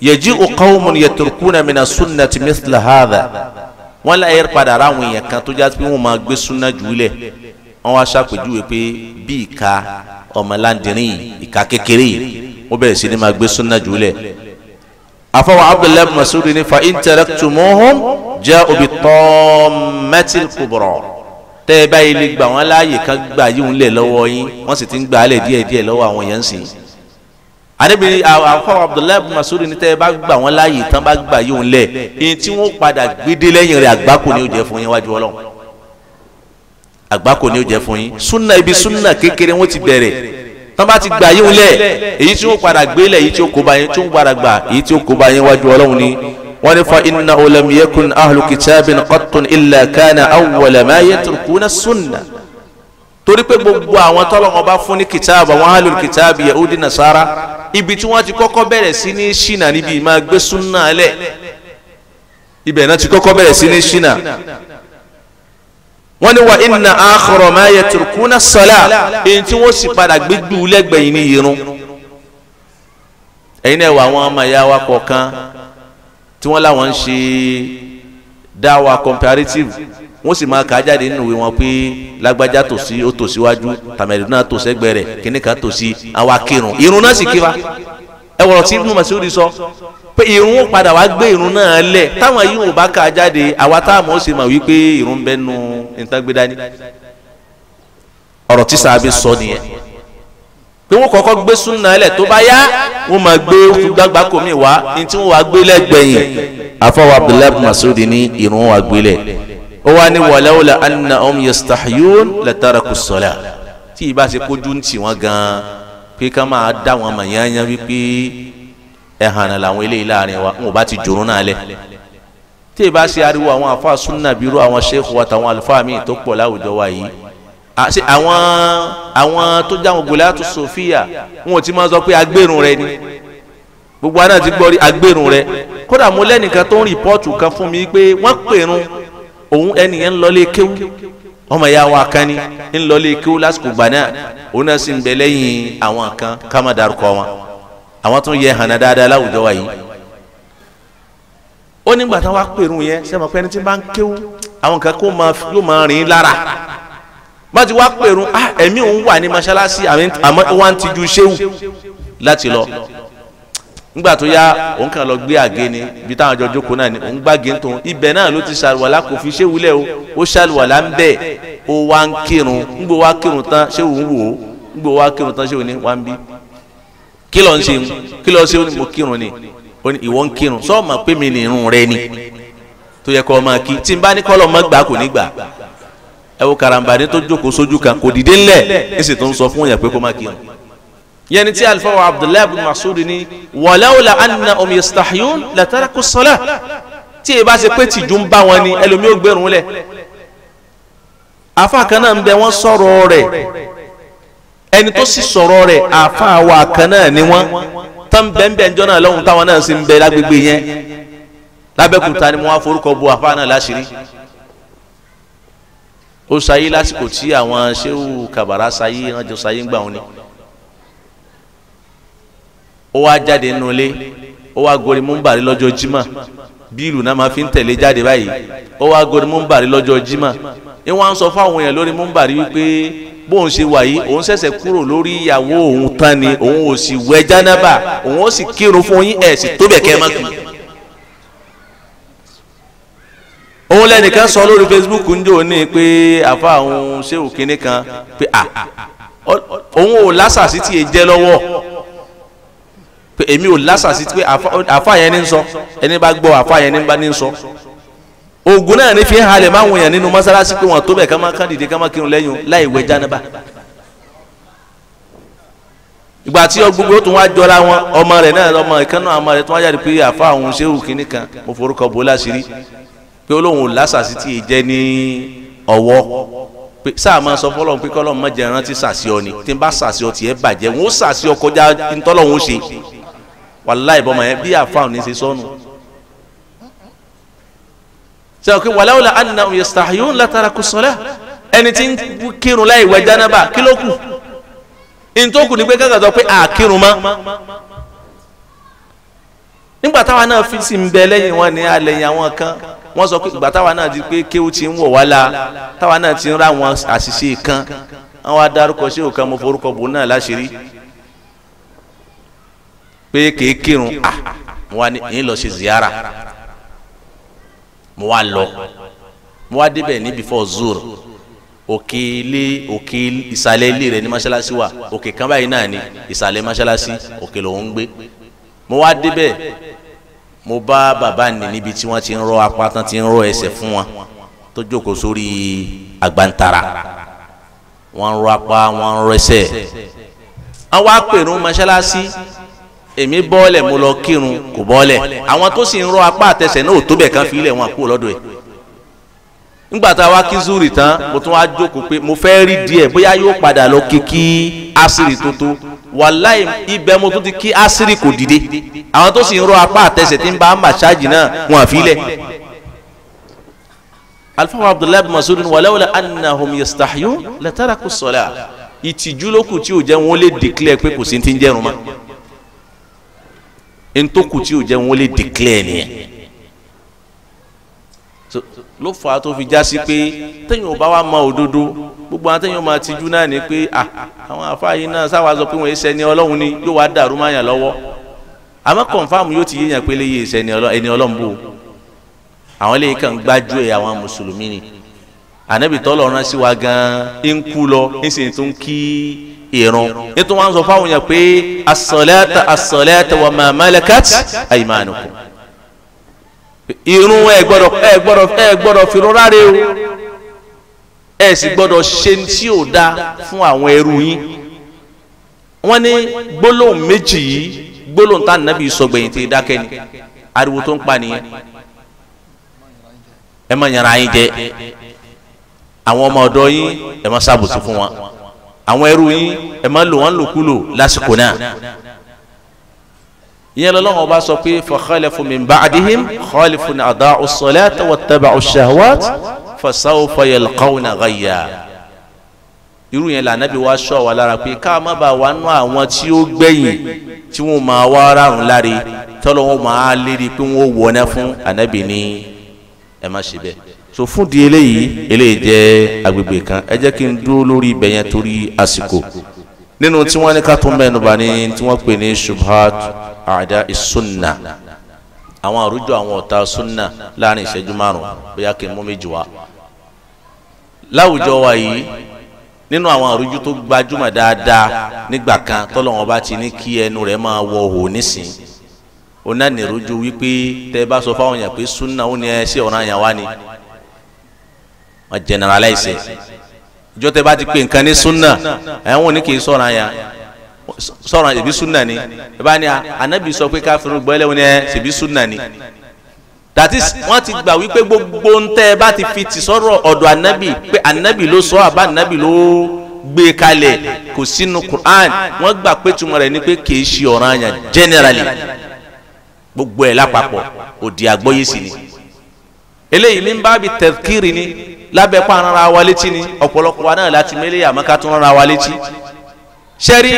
S1: yaji'u qawmun yatrukuna mina sunnati mithla hadha wọ́n láyé padà ráwọn èèyàn kan tó jásí pé wọ́n máa gbé súnà jùlẹ̀ wọ́n wá ṣàpèjúwe pé bí ìka ọmọláńdìrín ìka kékeré wọ́n bẹ̀rẹ̀ sí ni máa gbé súnà jùlẹ̀ afawo abdullahi masud ni fa intaraktumuhum ja'u bitammatil kubra tẹ́ ẹ báyìí lè gbà wọ́n láàyè kan gbà yíwọ́n lẹ̀ lọ́wọ́ yín wọ́n sì ti ń gbà á lẹ̀ díẹ̀díẹ̀ lọ́wọ́ àwọn èèyàn sìn àdébìnrin àfọwọ́ abdullahi ibn mas'ud ní tẹ́ ẹ bá gbà wọ́n láàyè tán bá gbà yóò lẹ̀ èyí tí wọ́n padà gbédé lẹ́yìn rẹ̀ àgbákò ni ó jẹ́ fún yín wájú ọlọ́run àgbákò ni ó jẹ́ fún yín sunna ibi sunna kékeré wọ́n ti bẹ̀rẹ̀ tán bá ti gbà yóò lẹ̀ èyí tí wọ́n padà gbélé èyí tí ó kó bá yín tí wọ́n padà gbà èyí tí ó kó bá yín wájú ọlọ́run ni
S2: wọ́n ní fa innahu lam
S1: yakun ahlu kitabin qattun illa kana awwala ma torí pé gbogbo àwọn tọ́lọ́wọ́n bá fún ní kìtáàbù àwọn ahlul kìtáàbù yahudi nasara ibi tí wọ́n ti kọ́kọ́ bẹ̀rẹ̀ sí ní ṣìnà níbi máa gbé súnà lẹ̀ ibẹ̀ náà ti kọ́kọ́ bẹ̀rẹ̀ sí ní ṣìnà wọ́n ní wa inna akhara ma yatrukuna as-salah èyí tí wọ́n sì padà gbégbé lẹ́gbẹ̀yìn ní irun ẹ̀yin náà wà àwọn ọmọ ìyá wa tí wọ́n láwọn ń ṣe dáwà comparative wọ́n sì máa kà á jáde nínú ìwé wọn pé lágbájá tòsí ó tòsí wájú tàmẹ̀lú náà tòsí ẹgbẹ́ rẹ̀ kíní kan tòsí àwa kírun irun náà sì kí wa ẹ wọ̀rọ̀ tí Ibn Mas'ud sọ pé irun ó padà wá gbé irun náà lẹ̀ táwọn yìí ò bá kà á jáde àwa táwọn ó sì máa wí pé irun bẹ́ẹ̀ nu ìtàgbédání ọ̀rọ̀ tí sàbí sọ nìyẹn pé wọn kọ́kọ́ gbé súnà ẹlẹ tó bá yá wọn máa gbé gbàgbà kò mí wá ní tí wọn wá gbé lẹ́gbẹ̀yìn afọwọ Abdullahi Mas'ud ní irun wá gbé
S2: ó wá ní wàláwùlà
S1: annahum yastahyun lataraku sọlá tí ì bá ṣe kójú ń tì wọ́n gan-an pé ká máa dá wọn mọ̀ yányán wípé ẹ̀hànà làwọn eléyìí láàrin wa ń bá ti jòrún náà lẹ̀ tí ì bá ṣe ariwo àwọn àfa sunna bírú àwọn sheikh wa tàwọn àlùfáà míì tó pọ̀ láwùjọ wa yìí àti àwọn àwọn tó jáwọn gòláàtú sòfíà wọn ò ti máa sọ pé agbérun rẹ ni gbogbo àná ti gbọ́ rí agbérun rẹ kódà mo lẹ́nìkan tó ń rìpọ́ọ̀tù kan fún mi pé wọ́n pèrún òun ẹnìyẹn ń lọlé kéwú ọmọ ìyá wa kan ni ń lọlé kéwú lásìkò gbà náà òun náà sì ń bẹ lẹ́yìn àwọn kan ká má darúkọ wọn àwọn tó ń yẹ hànà dáadáa láwùjọ wa yìí ó nígbà táwa pèrún yẹn sẹ́mi pé ẹni tí bá ń kéwú àwọn kan kó máa yóò máa rìn lára má ti wá pèrún ah, ẹ̀mí òun wà ní mọ́ṣáláṣí àmọ́ wá ń tijú ṣéwù láti lọ nígbà tó yá òun kàn lọ gbé àgé ni ibi táwọn àjọ jókòó náà ni òun gbàgé tó ibẹ̀ náà ló ti ṣàlùwàlá kò fi ṣé wulẹ̀ o ó ṣàlùwàlá ń bẹ̀ ó wá ń kírun ńgbò wá kírun tán ṣé òun wò ó ńgbò wá kírun tán ṣé òun ní wá ń bí kí ló ń ṣe kí ló ń ṣe ó ní mo kírun ni ó ní ìwọ ń kírun sọ ma pé mi ní irun rẹ ni tó yẹ kó o máa kí tí n bá ní kọ́ lọ gbà kò ní gbà ẹ wo karambani tó jókòó sójú kan kò dìde ńlẹ̀ ẹ yẹni tí alifawo abdullahi bin masud ni wàláwùlà anna omi istahiyun latara kò sọlá tí e bá ṣe pé tìjú ń bá wọn ni ẹlòmí ò gbẹrun lẹ afa kan náà ń bẹ wọn sọ̀rọ̀ rẹ̀ ẹni tó sì sọ̀rọ̀ rẹ̀ afa wa kan náà ni wọn tán bẹ́ẹ̀nbẹ́ẹ̀ njọ́ náà lọ́hùn táwọn náà sì ń bẹ lágbègbè yẹn lábẹ́kúta ni mo forúkọ bu afa náà láṣìírí ó sayé lásìkò tí àwọn sehu kabara sayé ìrànjọ sayé ń gbà wọn ni ó wá jáde nínú ilé ó wá gorí múmbàrí lọ́jọ́ jimá bí ìlú náà máa fi ń tẹ̀lé jáde báyìí ó wá gorí múmbàrí lọ́jọ́ jimá ni wọ́n á sọ fún àwọn èèyàn lórí múmbàrí wípé bóun ṣe wà yìí òun ṣẹ̀ṣẹ̀ kúrò lórí ìyàwó òun tán ni òun ò sì wẹ̀ jánábà òun ó sì kírun fún yín ẹ̀ sì tó bẹ̀ má kú. òun lẹ́nìkan sọ lórí Facebook ń jò ní pé àfa òun ṣé òkínní kan pé à òun ò lásà sí tiẹ̀ jẹ́ lọ́wọ́ pé èmi ò lásàsí pé àfa yẹn ní sọ ẹni bá gbọ́ àfa yẹn ní bá ní sọ oògùn náà ní fi ń halẹ̀ máa ń wọ̀nyàn nínú mọ́sálásí pé wọ́n tó bẹ̀ ká má kán dìde ká má kírun lẹ́yìn láì wẹ̀ jánábà ìgbà tí gbogbo tó wá jọra wọn ọmọ rẹ̀ náà ọmọ ìkànnà ọmọ rẹ̀ tó wá jáde pé àfa òun ṣé òkè nìkan mo forúkọ bó láṣìírí pé olóhùn lásàsí tí ì jẹ́ ní ọ̀wọ́ pé sáà máa sọ fọlọ́n pé kọ́lọ́n má jẹ́ rántí sàṣì ni tí n bá sàṣì ọ tiẹ̀ bàjẹ́ ó sàṣì kọjá ntọ́lọ́hún ó ṣe wàláì bọ́mọ yẹn bí àfa òní ṣe sọnù. sọ pé wàláwùlà ànínà òye sàhìún látara kò sọlá ẹni tí ń kírun láì wẹ̀ jánábà kí ló kù ntòkù ni pé kàkàtọ̀ pé àkírun mọ́ nígbà táwa náà fi sí ń bẹ lẹ́yìn wọn ní alẹ́yìn àwọn kan wọ́n sọ pé ìgbà táwa náà di pé kéwù ti ń wọ̀ wá la táwa náà ti ń ra àwọn àṣìṣe kan àwọn adarúkọ ṣé òkan mo forúkọ bò náà láṣìírí pé kìí kírun ah, ah mo wá ní yín lọ ṣe ziyara mo wá lọ mo wá débẹ̀ ní before zur òkè ilé òkè ìsàlẹ̀ ilé rẹ̀ ní mọ́ṣáláṣí wa òkè kan báyìí náà ni ìsàlẹ̀ mọ́ṣáláṣí òkè lòún gbé mo wá débẹ̀ mo bá bàbá nì níbi tí wọ́n ti ń rọ apá tán ti ń rọ ẹsẹ̀ fún wọn tó jókòó sórí àgbàntara wọ́n ń rọ apá wọ́n ń rọ ẹsẹ̀ àwọn apèrún mọ́ṣáláṣí èmi bọ́ọ̀lẹ̀ mo lọ kírun kò bọ́ọ̀lẹ̀ àwọn tó sì ń rọ apá àtẹsẹ̀ náà ò tó bẹ̀ kán fi ilẹ̀ wọn kú lọ́dọ̀ ẹ̀ nígbà tá a wá kí zuri tán mo tún wá jókòó pé mo fẹ́ rí díẹ̀ bóyá yóò padà lọ kí kí asiri tó tó wàláì ibẹ̀ mo tún ti kí asiri kò dìde àwọn tó sì ń rọ apá àtẹsẹ̀ tí ń bá màṣáàjì náà wọn àfi lẹ̀ alifawu abdullahi bin masudin wàlẹ́wọ̀lẹ́ anahum yastahiyu lataraku sọlá ìtìjú lókù tí ò jẹ́ wọn lè declare pé kò sí ti ń jẹ́rùn mọ́ ntoku tí o jẹ wọn lè declare nìyẹn ló fà á tó fi jásí pé téèyàn bá wa mọ òdodo gbogbo àwọn téèyàn máa tijú náà ni pé à ah, àwọn afáàyè náà sáwà sọ pé wọn ṣe ẹni ọlọ́run ni yóò wá dàrú máa yàn lọ́wọ́ àmọ́ kọ̀ǹfàmù yóò ti yéèyàn pé léyìí ṣe ẹni ọlọ́run bò àwọn eléyìí kan gbájú ẹ̀ àwọn mùsùlùmí ni ànábì tọ́lọ̀ rán sí wa gan-an ń kú lọ ń sì tún kí í irun nítorí wọn sọ fáwọn yẹn pé as-salata as-salata wa ma malakat aymanukum irun ẹ gbọ́dọ̀ ẹ gbọ́dọ̀ ẹ gbọ́dọ̀ fi rọra rẹ o ẹ sì gbọ́dọ̀ ṣe tí ò da fún àwọn ẹrú yín wọ́n ní gbólóhùn méjì yìí gbólóhùn tá nàbí sọgbẹ̀yìn tí dákẹ́ ni ariwo tó ń pa nìyẹn ẹ má yàrá yín jẹ àwọn ọmọ ọ̀dọ̀ yín ẹ má sábùsù fún wọn àwọn ẹrú yín ẹ má lò wọ́n lòkulò lásìkò náà ìyẹn lọ́lọ́wọ́ bá sọ pé fakhalafu min ba'dihim khalifun ada'u s-salata wattaba'u sh-shahawat fasawfa yalqawna ghayya irú yẹn là nábì wá sọ wà lára pé ká má bàa wà nù àwọn tí ó gbẹ̀yìn tí wọ́n máa wá rárun láre tọ́lọ́ máa lérí pé wọ́n wọ̀ ọ́nà fún ànábì ní ẹ má ṣe bẹ́ẹ̀ so fún di eléyìí eléyìí jẹ́ agbègbè kan ẹ jẹ́ kí n dúró lórí ibẹ̀ yẹn torí àsìkò nínú tí wọ́n ní ká tún mẹ́nuba ní tí wọ́n pè ní subhat ada isunna àwọn àrùjọ àwọn ọ̀tá sunna láàrin ìṣẹ́jú márùn bóyá kí n mú méjì wá láwùjọ wa yìí nínú àwọn àrùjọ tó gbajúmọ̀ dáadáa nígbà kan tọ́lọ́wọ́n bá ti ní kí ẹnu rẹ̀ máa wọ òhò nísìn onánírojú wípé tẹ́ bá sọ fáwọn yẹn pé sunna ó ní ẹ sí ọ̀ràn yẹn wá ni. Pe, wọn generalize ìjọ tẹ bá ti pè nǹkan ní sunna ẹ̀wọ̀n ní kì í sọ̀rọ̀ àyà sọ̀rọ̀ ìbí sunna ni ìbá ni anabi sọ pé káfíń gbọ́ ẹlẹ́wọ̀n ni ẹ̀ ṣèbí sunna ni that is wọ́n ti gbà wípé gbogbo ń tẹ́ ẹ bá ti fi tì sọ̀rọ̀ ọ̀dọ̀ anabi pé anabi ló sọ àbá anabi ló gbé kalẹ̀ kò sínú Quran wọ́n gbà pé túmọ̀ rẹ̀ ni pé kì í ṣe ọ̀ràn àyà generally gbogbo ẹ̀ lápapọ̀ òdì àgbọ́yé sí ni eléyìí ní bá bi tẹ̀kírì ni lábẹ́ pa ara wa létí ni ọ̀pọ̀lọpọ̀ wa náà láti mẹ́lẹ́ àmọ́ká tún ara wa létí sẹ́rí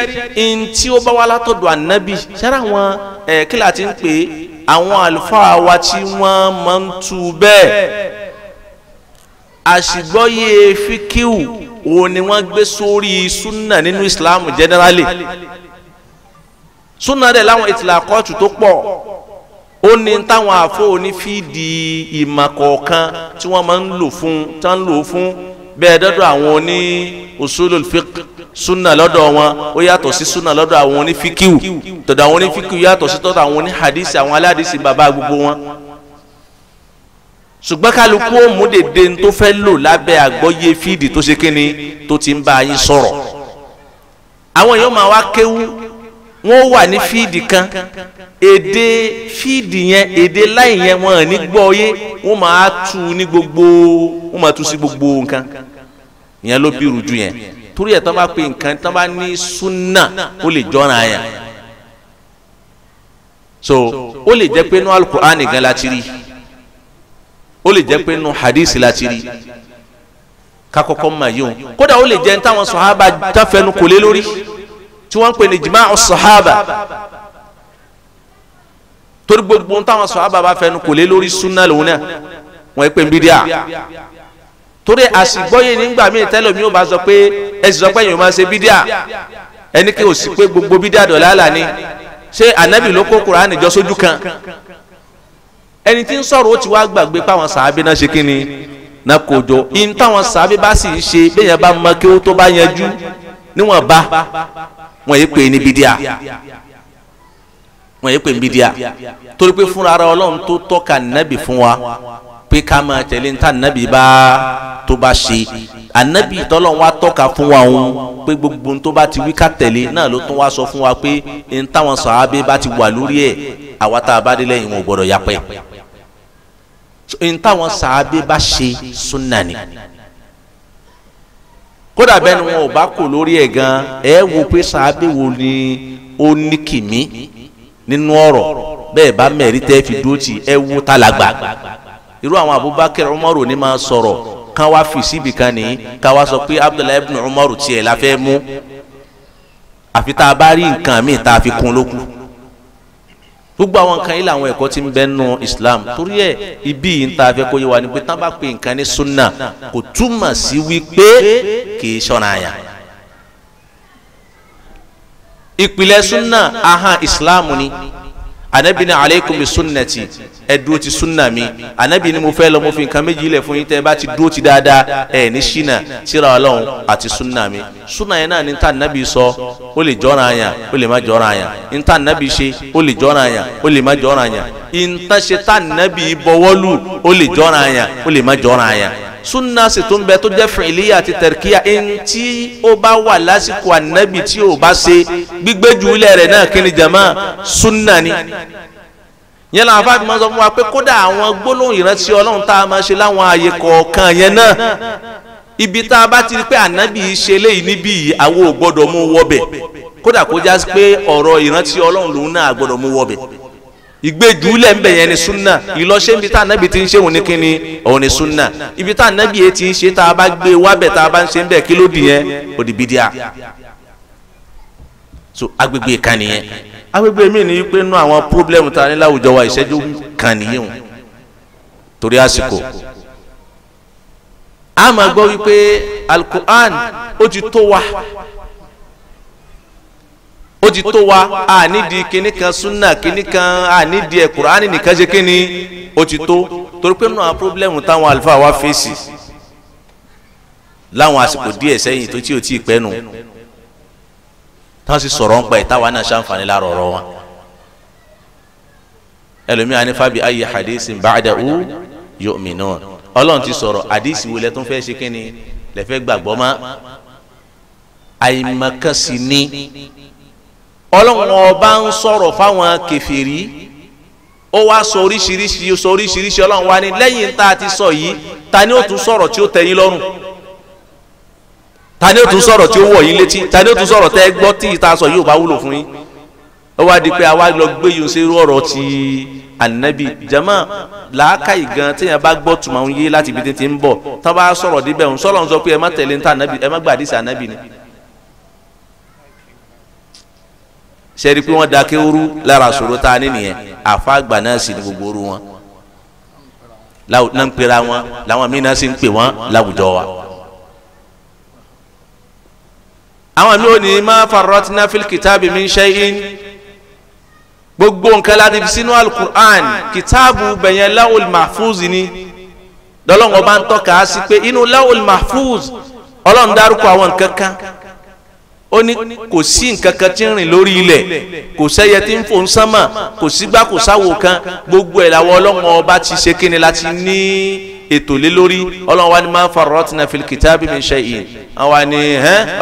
S1: ntí ó bá wá látọ̀dọ̀ ànábì sẹ́rí àwọn ẹ̀ kílà ti ń pè àwọn àlùfáà wa tí wọ́n máa ń tu bẹ́ẹ̀ àṣìgbọ́yé fíkíù òun ni wọ́n gbé sórí súnà nínú Islam generally súnà dẹ̀ láwọn ìtìlá kóòtù tó pọ̀ ó ní táwọn àfọ onífíìdì ìmọ̀ kọ̀ọ̀kan tí wọ́n máa ń lò fún tá ń lò fún bẹ́ẹ̀ dọ́dọ̀ àwọn oní usulul fiqh sunna lọ́dọ̀ wọn ó yàtọ̀ sí sunna lọ́dọ̀ àwọn onífíkìw tọ̀dọ̀ àwọn onífíkìw yàtọ̀ sí tọ̀dọ̀ àwọn oníhadisi àwọn aládìsí bàbá gbogbo wọn ṣùgbọ́n kálukú ó mú dèdè tó fẹ́ lò lábẹ́ àgbọ́yé fíìdì tó ṣe kíni tó ti ń bá yín sọ̀rọ̀ àwọn èèyàn máa wá kéwú wọ́n wà ní fíìdì kan èdè fíìdì yẹn èdè láì yẹn wọ́n ní gbọ́ yé wọ́n máa tu ní gbogbo wọ́n máa tu sí gbogbo nǹkan ìyẹn ló bí rújú yẹn torí ẹ̀ tó bá pe nǹkan tó bá ní súnà ó lè jọ́ra yẹn so ó lè jẹ́ pé nú alukur'an nìkan la ti rí ó lè jẹ́ pé nú hadith la ti rí kakọ́kọ́ mà kódà ó lè jẹ́ ní táwọn sọ̀hábà jáfẹ́nu kò lé lórí tí wọ́n ń pè ní jima'u sahaba torí gbogbo ohun táwọn sahaba bá fẹnu kò lé lórí sunna lòun náà wọ́n pè ń bídíà torí àsìgbọ́yé nígbà míì tẹ́lẹ̀ mi ò bá sọ pé ẹ sì sọ pé èèyàn máa ṣe bídíà ẹni kí o sì pé gbogbo bídíà dọ̀làlà ni ṣé ànábì ló kó kuraani jọ sójú kan ẹni tí ń sọ̀rọ̀ ó ti wá gbàgbé páwọn sàábì náà ṣe kí ni náà kò jọ in táwọn sàábì bá sì ń ṣe bẹ́ẹ̀ yẹn bá mọ kí ó tó bá yanjú níwọ̀n bá
S2: wọn yìí pè ní bídíà
S1: wọn yìí pè ní bídíà torí pé fúnra ara ọlọ́run tó tọ́ka nábì fún wa pé ká máa tẹ̀lé ní tànàbì bá tó bá ṣe ànábì tọ́lọ́run wa tọ́ka fún wa òun pé gbogbo tó bá ti wí ká tẹ̀lé náà ló tún wá sọ fún wa pé ní sàábé bá ti wà lórí ẹ̀ àwa tá a bá dé lẹ́yìn gbọ́dọ̀ yapẹ́ ní sàábé bá ṣe súnà ni kódà bẹ́ẹ̀ ni wọn ò bá kò lórí ẹ̀ gan ẹ wo pé sàábẹ̀ wo ni ó ní kìmí nínú ọ̀rọ̀ bẹ́ẹ̀ bá mẹ́rin tẹ́ fi dúró tì ẹ wo tálágbà irú àwọn Abubakar Umaru ni máa sọ̀rọ̀ kan wá fi síbi kan ní kan wá sọ pé Abdullahi ibn Umaru tiẹ̀ la fẹ́ mú àfi tá a bá rí nǹkan míì tá a fi kún lókun gbogbo àwọn nǹkan yìí làwọn ẹ̀kọ́ tí ń bẹ nù Islam torí ẹ̀ ibi yìí ń ta afẹ́ kó yé wa ni pé tán bá pe nǹkan ní sunna kò túmọ̀ sí wípé kì í ṣọ̀nà àyà ìpìlẹ̀ sunna ahan Islam ni anabi ni aleikum bi sunnati ẹ dúró ti sunna mi anabi ni mo fẹ́ lọ mo fi nǹkan méjì lẹ̀ fún yín tẹ́ ẹ bá ti dúró ti dáadáa ẹ ní ṣínà síra ọlọ́run àti sunna mi sunna yẹn náà ni ta anabi sọ ó lè jọ́ra àyàn ó lè má jọ́ra àyàn níta anabi ṣe ó lè jọ́ra àyàn ó lè má jọ́ra àyàn ìntànṣe ta anabi bọwọ́lù ó lè jọ́ra àyàn ó lè má jọ́ra àyàn súnà sì tún bẹ tó jẹ́ fìlíyà àti tẹ̀ríkíyà ẹni tí ó bá wà lásìkò ànábì tí ò bá ṣe gbígbé jùlẹ̀ rẹ̀ náà kí ni jama súnà ni yẹn làwọn afáàbí máa ń sọ fún wa pé kódà àwọn gbólóhùn ìrántí ọlọ́run tá a máa ṣe láwọn ààyè kọ̀ọ̀kan yẹn náà ibi tá a bá ti rí pé ànábì ṣe léyìí níbí yìí àwọn ò gbọ́dọ̀ mú wọbẹ̀ kódà kó já pé ọ̀rọ̀ ìrántí ọlọ́run lòun náà gbọ́dọ̀ mú wọbẹ̀ ìgbẹ́jùlẹ̀ ń bẹ̀ yẹn ni sunna ìlọṣẹ́ ibi tá ànábì ti ń ṣe òun ní kíni òun ni sunna ibi tá ànábì yẹn ti ń ṣe tá a bá gbé wábẹ̀ tá a bá ń ṣe ń bẹ̀ kí ló dì yẹn ó di bídíà so agbègbè kan nìyẹn agbègbè mi ni pé nú àwọn pírọ́blẹ́mù tá a láwùjọ wa ìṣẹ́jú kan nìyẹn torí àsìkò a máa gbọ́ wípé alukur'an ó ti tó wa ó ti tó wa a nídìí kíní kan súnà kíní kan a nídìí ẹ kùránì nìkan ṣe kíní ó ti tó torí pé náà pírọ́blẹ́mù táwọn àlùfáà wa fèsì láwọn àsìkò díẹ̀ sẹ́yìn tó tí o tí ì pẹ́ nù táwọn sì sọ̀rọ̀ ń pa ẹ̀ táwa náà ṣàǹfààní láàrọ̀ ọ̀rọ̀ wọn ẹlòmíà ní fábí ayé hadisi ba'dahu yu'minun ọlọ́run ti sọ̀rọ̀ hadisi wo lẹ tún fẹ́ ṣe kíni lẹ fẹ́ gbàgbọ́ mọ́ àyìnmọ̀kan sì ni ọlọ́run ọba ń sọ̀rọ̀ fáwọn kèfèrí ó wá sọ oríṣiríṣi sọ oríṣiríṣi ọlọ́run wá ní lẹ́yìn tá a ti sọ yìí ta ni ó tún sọ̀rọ̀ tí ó tẹ́ yín lọ́rùn ta ni ó tún sọ̀rọ̀ tí ó wọ̀ yín létí ta ni ó tún sọ̀rọ̀ tẹ́ gbọ́ tí ìta sọ yìí ò bá wúlò fún yín ó wá di pé àwa lọ gbé yín sí irú ọ̀rọ̀ ti ànábì jama làákàyè gan téèyàn bá gbọ́ tùmọ̀ ń yé láti ibi tí ń bọ̀ tá a bá sọ̀rọ̀ sẹ́ẹ̀rí pé wọ́n da kéwúrú lára sòrò tá a ní nìyẹn àfa àgbà náà sì ní gbogbo orú wọn náà ń pera wọn làwọn míín náà sì ń pè wọn láwùjọ wa. àwọn lónìí ma farratna fil kitabi min shay'in gbogbo nǹkan láti fi sínú alukur'an kitaabu bẹ̀yẹn lawul mahfuz ni lọ́lọ́wọ́n bá ń tọ́ka sí pé inú lawul mahfuz ọlọ́run dárúkọ àwọn nǹkan kan ó ní kò sí nǹkan kan tí ń rìn lórí ilẹ̀ kò sẹ́yẹ tí ń fò ń sánmà kò sígbà kò sáwò kan gbogbo ẹ̀ làwọn ọlọ́run ọba ti ṣe kíni láti ní ètò lé lórí ọlọ́run wa ni máa ń farọ́ tí na fil kitabi min shay'in àwa ni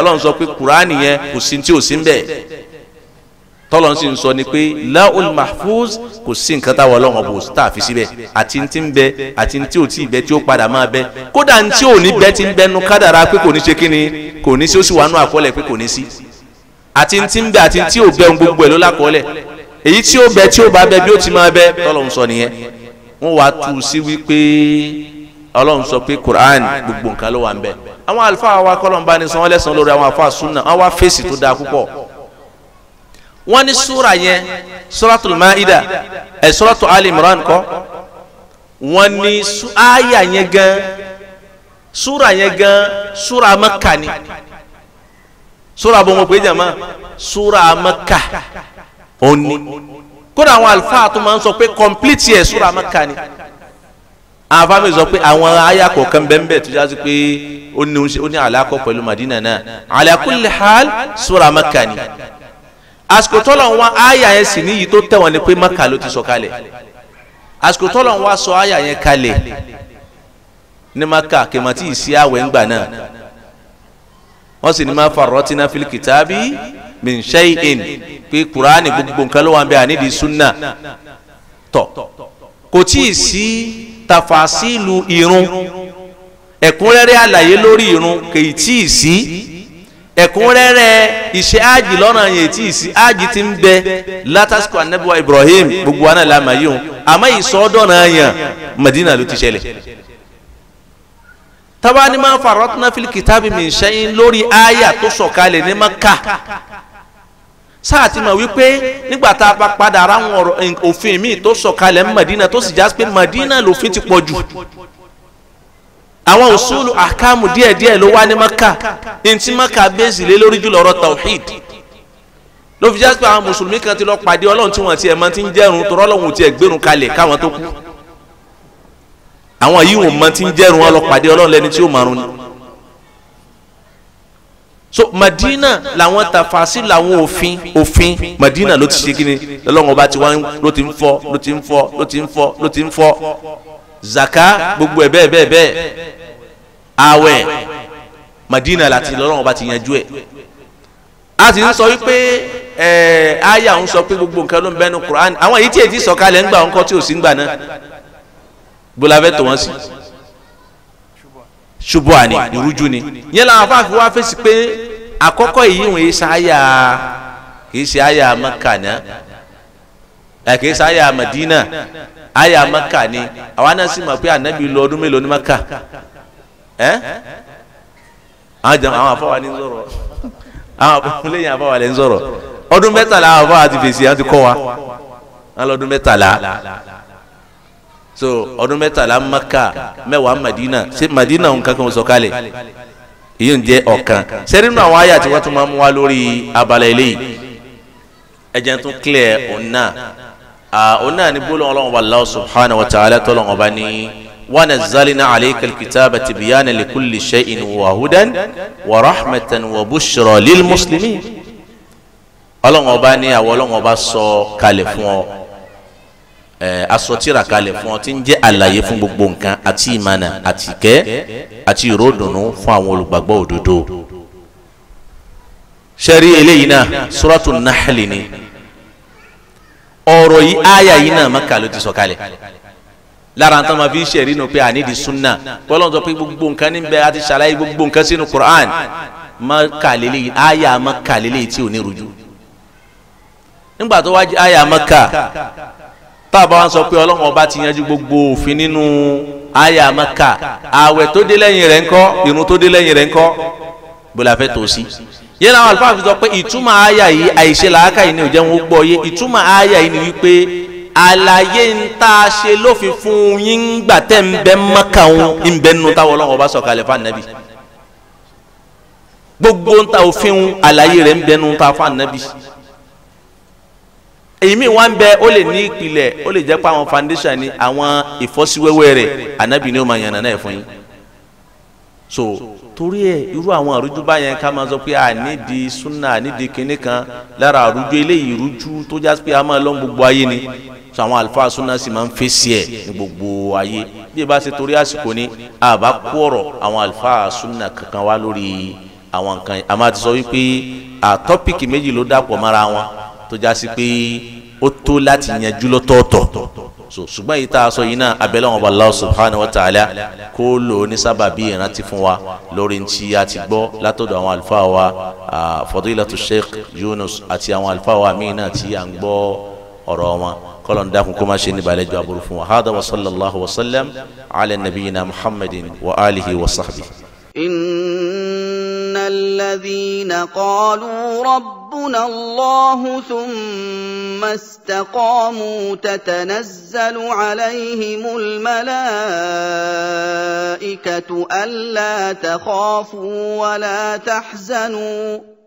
S1: ọlọ́run sọ pé kùránì yẹn kò sí tí ò sí ń bẹ̀. tọ́lọ̀ nsọ sì ń sọ ni pé laul mahfuz kò sí nǹkan táwọn ọlọ́run bò tá a fi síbẹ̀ àti ní ti ń bẹ àti ní tí ò tí ì bẹ tí ó padà máa bẹ kódà ní tí ò ní bẹ ti ń bẹnu kádàrá pé kò ní ṣe ni kò ní sí ó sì wà nù àkọọ́lẹ̀ pé kò ní sí àti ní ti ń bẹ àti tí ò bẹ gbogbo ẹ̀ ló lákọọ́lẹ̀ èyí tí ó bẹ tí ó bá bẹ bí ó ti máa bẹ tọ́lọ̀ sọ nìyẹn wọ́n wá tú sí wípé ọlọ́run sọ pé Qur'an gbogbo nǹkan ló wà ń bẹ àwọn àlùfáà wa kọ́lọ̀ ń bá ní sanwó lẹ́sàn-án lórí àwọn àfáà sunna àwọn afẹ́sì tó dáa púpọ̀ wọ́n ní súra yẹn suratul maida ẹ̀ suratu ali imran kọ́ wọ́n ní aya yẹn gan súra yẹn gan súra maka ni súra bọ̀ngọ̀ pé jàmá súra maka òní kódà àwọn àlùfáà tó máa ń sọ pé complete yẹ súra maka ni àwọn fámìlì sọ pé àwọn aya kọ̀ọ̀kan bẹ́ẹ̀ tó jásí pé ó ní àlàkọ̀ pẹ̀lú madina náà ala kulli hal maka ni àsìkò tọ́lọ̀ ń wá àyà yẹn sì níyì tó tẹ̀ wọ́n ni pé Mákà ló ti sọ kalẹ̀ àsìkò tọ́lọ̀ ń wá sọ àyà yẹn kalẹ̀ ní Mákà kèmọ́tì ìsí àwẹ̀ ńgbà náà wọ́n sì ní ma farratina fil kitabi min shay'in pé kuraani gbogbo nǹkan ló wà ń bẹ sunna tọ̀ kò tí ì sí tafasilu irun ẹ̀kúnrẹ́rẹ́ àlàyé lórí irun kì í tí Si, rere iṣẹ́ aji lọ́nà yẹn tí isi aji ti ń bẹ látàsíkò anabiwa Ibrahim gbogbo wa náà lámà yìí hùn àmọ́ yẹn Madina ló ti ṣẹlẹ̀ tabani ma farotna fil kitabi min shay'in lórí aya tó sọ̀kalẹ̀ ní maka sáà ti mọ̀ wípé nígbà tá a bá padà ara àwọn òfin míì tó ní Madina tó sì já sí pé Madina lòfin ti pọ̀ jù. àwọn usulu ahkamu díẹ̀díẹ̀ ló wá ní maka ní ti maka bẹ́ẹ̀sì lé lórí jùlọ ọ̀rọ̀ tawhid ló fi já pé àwọn mùsùlùmí kan ti lọ pàdé ọlọ́run tí wọ́n ti ẹ̀ máa ti ń jẹ́rùn tọrọ ọlọ́run ti ẹ̀ gbérùn kalẹ̀ káwọn tó kú àwọn yìí wọ́n máa ti ń jẹ́rùn wọn lọ pàdé ọlọ́run lẹ́ni tí ó márùn ni. so Madina làwọn tafasi làwọn òfin òfin Madina ló ti ṣe kí ni lọ́lọ́run ọba ti wá ló ti ń fọ́ ló ti ń fọ́ ló ti ń fọ́ ló ti ń fọ́ zaka gbogbo ẹ bẹ́ẹ̀ bẹ́ẹ̀ bẹ́ẹ̀ àwẹ̀ madina láti lọ́lọ́run ọba ti yanjú ẹ a sì ń sọ wípé ẹ aya ń sọ pé gbogbo nǹkan ló ń bẹnu Qur'an àwọn èyí tí èyí ti sọ̀kalẹ̀ ń gbà ńkọ́ tí ò sí ń gbà náà bólafẹ́ tó wọ́n sí ṣubú àní ìrújú ni yẹn làwọn afáàfin wá fèsì pé àkọ́kọ́ èyí ń ṣe aya kì í ṣe aya Makkana kì í ṣe aya Madina. àyà maka ni àwa náà sì mọ̀ pé ànábì lọ ọdún mélòó ní maka ẹ́ àwọn jẹun àwọn afọwà ní sọ̀rọ̀ àwọn lẹ́yìn afọwà lẹ́ ń sọ̀rọ̀ ọdún mẹ́tàlá àwọn afọwà ti fèsì àwọn ti kọ́ wa wọn lọ ọdún mẹ́tàlá so ọdún mẹ́tàlá maka mẹ́wàá madina ṣé madina nǹkan kan sọ̀kalẹ̀ èyí ń jẹ́ ọ̀kan sẹ́rìnù àwọn àyà tí wọ́n tún máa ń wá lórí abala eléyìí ẹ̀jẹ̀ tún clear ọ̀nà òun náà ní gbólóhùn ọlọ́run wa Allah subhanahu wa ta'ala tọ́lọ́run ọba ní wa nazzalna alayka al-kitaba tibyana li kulli shay'in wa hudan wa rahmatan wa bushra lil muslimin ọlọ́run ọba ní àwọn ọlọ́run ọba sọ kalẹ̀ fún ọ asọtira kalẹ̀ fún ọ tí ń jẹ́ àlàyé fún gbogbo nǹkan àti ìmànà àti ìkẹ́ àti ìròdùnú fún àwọn olùgbàgbọ́ òdodo. sẹ́rí eléyìí náà suratu nahli ni ọ̀rọ̀ yìí àyà yìí náà Mákà ló ti sọ̀kalẹ̀ lára nǹkan máa fi ń ṣẹ̀rí nù pé ànídìí sunna bọ́lọ́n sọ pé gbogbo nǹkan níbẹ̀ àti ṣàlàyé gbogbo nǹkan sínú Qur'an Mákà lélẹ̀ àyà Mákà lélẹ̀ tí ò ní rújú nígbà tó wá àyà Mákà táàbà wọn sọ pé ọlọ́run ọba ti yanjú gbogbo òfin nínú àyà Mákà ààwẹ̀ tó dé lẹ́yìn rẹ̀ ńkọ́ ìrun tó dé lẹ́yìn rẹ̀ ńkọ́ bó fẹ́ tó sí yẹn làwọn àlùfáà fi sọ pé ìtumọ̀ àyà yìí àìṣe làákà yìí ni ò wọn gbọ́ yé ìtumọ̀ àyà yìí ni wípé àlàyé ń tá a ṣe ló fi fún yín gbà tẹ́ ń bẹ mọ́kà ń ń bẹ táwọn ọlọ́run ọba sọ̀kalẹ̀ fún ànábì gbogbo ń ta òfin àlàyé rẹ̀ ń bẹ nínú ta fún ànábì èyí mi wá ń bẹ ó lè ní ìpìlẹ̀ ó lè jẹ́ pé àwọn foundation ni àwọn ìfọ́síwẹ́wẹ́ rẹ̀ ànábì ni ó máa yànnà náà fún yín so. so torí ẹ irú àwọn àrújú báyẹn ká máa sọ pé ànídìí súnà ànídìí kinní kan lára àrújú eléyìí rújú tó já pé a máa lọ́n gbogbo ayé ni sọ àwọn àlùfáà súnà sì máa ń fèsì ẹ ní gbogbo ayé bí ẹ bá ṣe torí àsìkò ni àbá kú ọ̀rọ̀ àwọn àlùfáà súnà kankan wá lórí àwọn nǹkan yìí a máa ti sọ wípé àtọ́pìkì méjì ló dàpọ̀ mọ́ra wọn tó já sí pé ó tó láti yanjú lọ́tọ̀ọ̀tọ̀ so ṣùgbọ́n yìí tá a sọ yìí náà abẹ́lẹ́ wọn bá Allah subhanahu wa ta'ala kó lò ó ní sábàbí ìrántí fún wa lórí ntí a ti gbọ́ látọ̀dọ̀ àwọn àlùfáà wa fadilatu sheikh Yunus àti àwọn àlùfáà wa míì náà tí à ń gbọ́ ọ̀rọ̀ wọn kọ́lọ̀ ń dákun kó má ṣe ní balẹ̀jọ́ aburú fún wa hada wa sallallahu wa sallam ala nabiyina muhammadin wa alihi wa sahbihi. الذين قالوا ربنا الله ثم استقاموا تتنزل عليهم الملائكه الا تخافوا ولا تحزنوا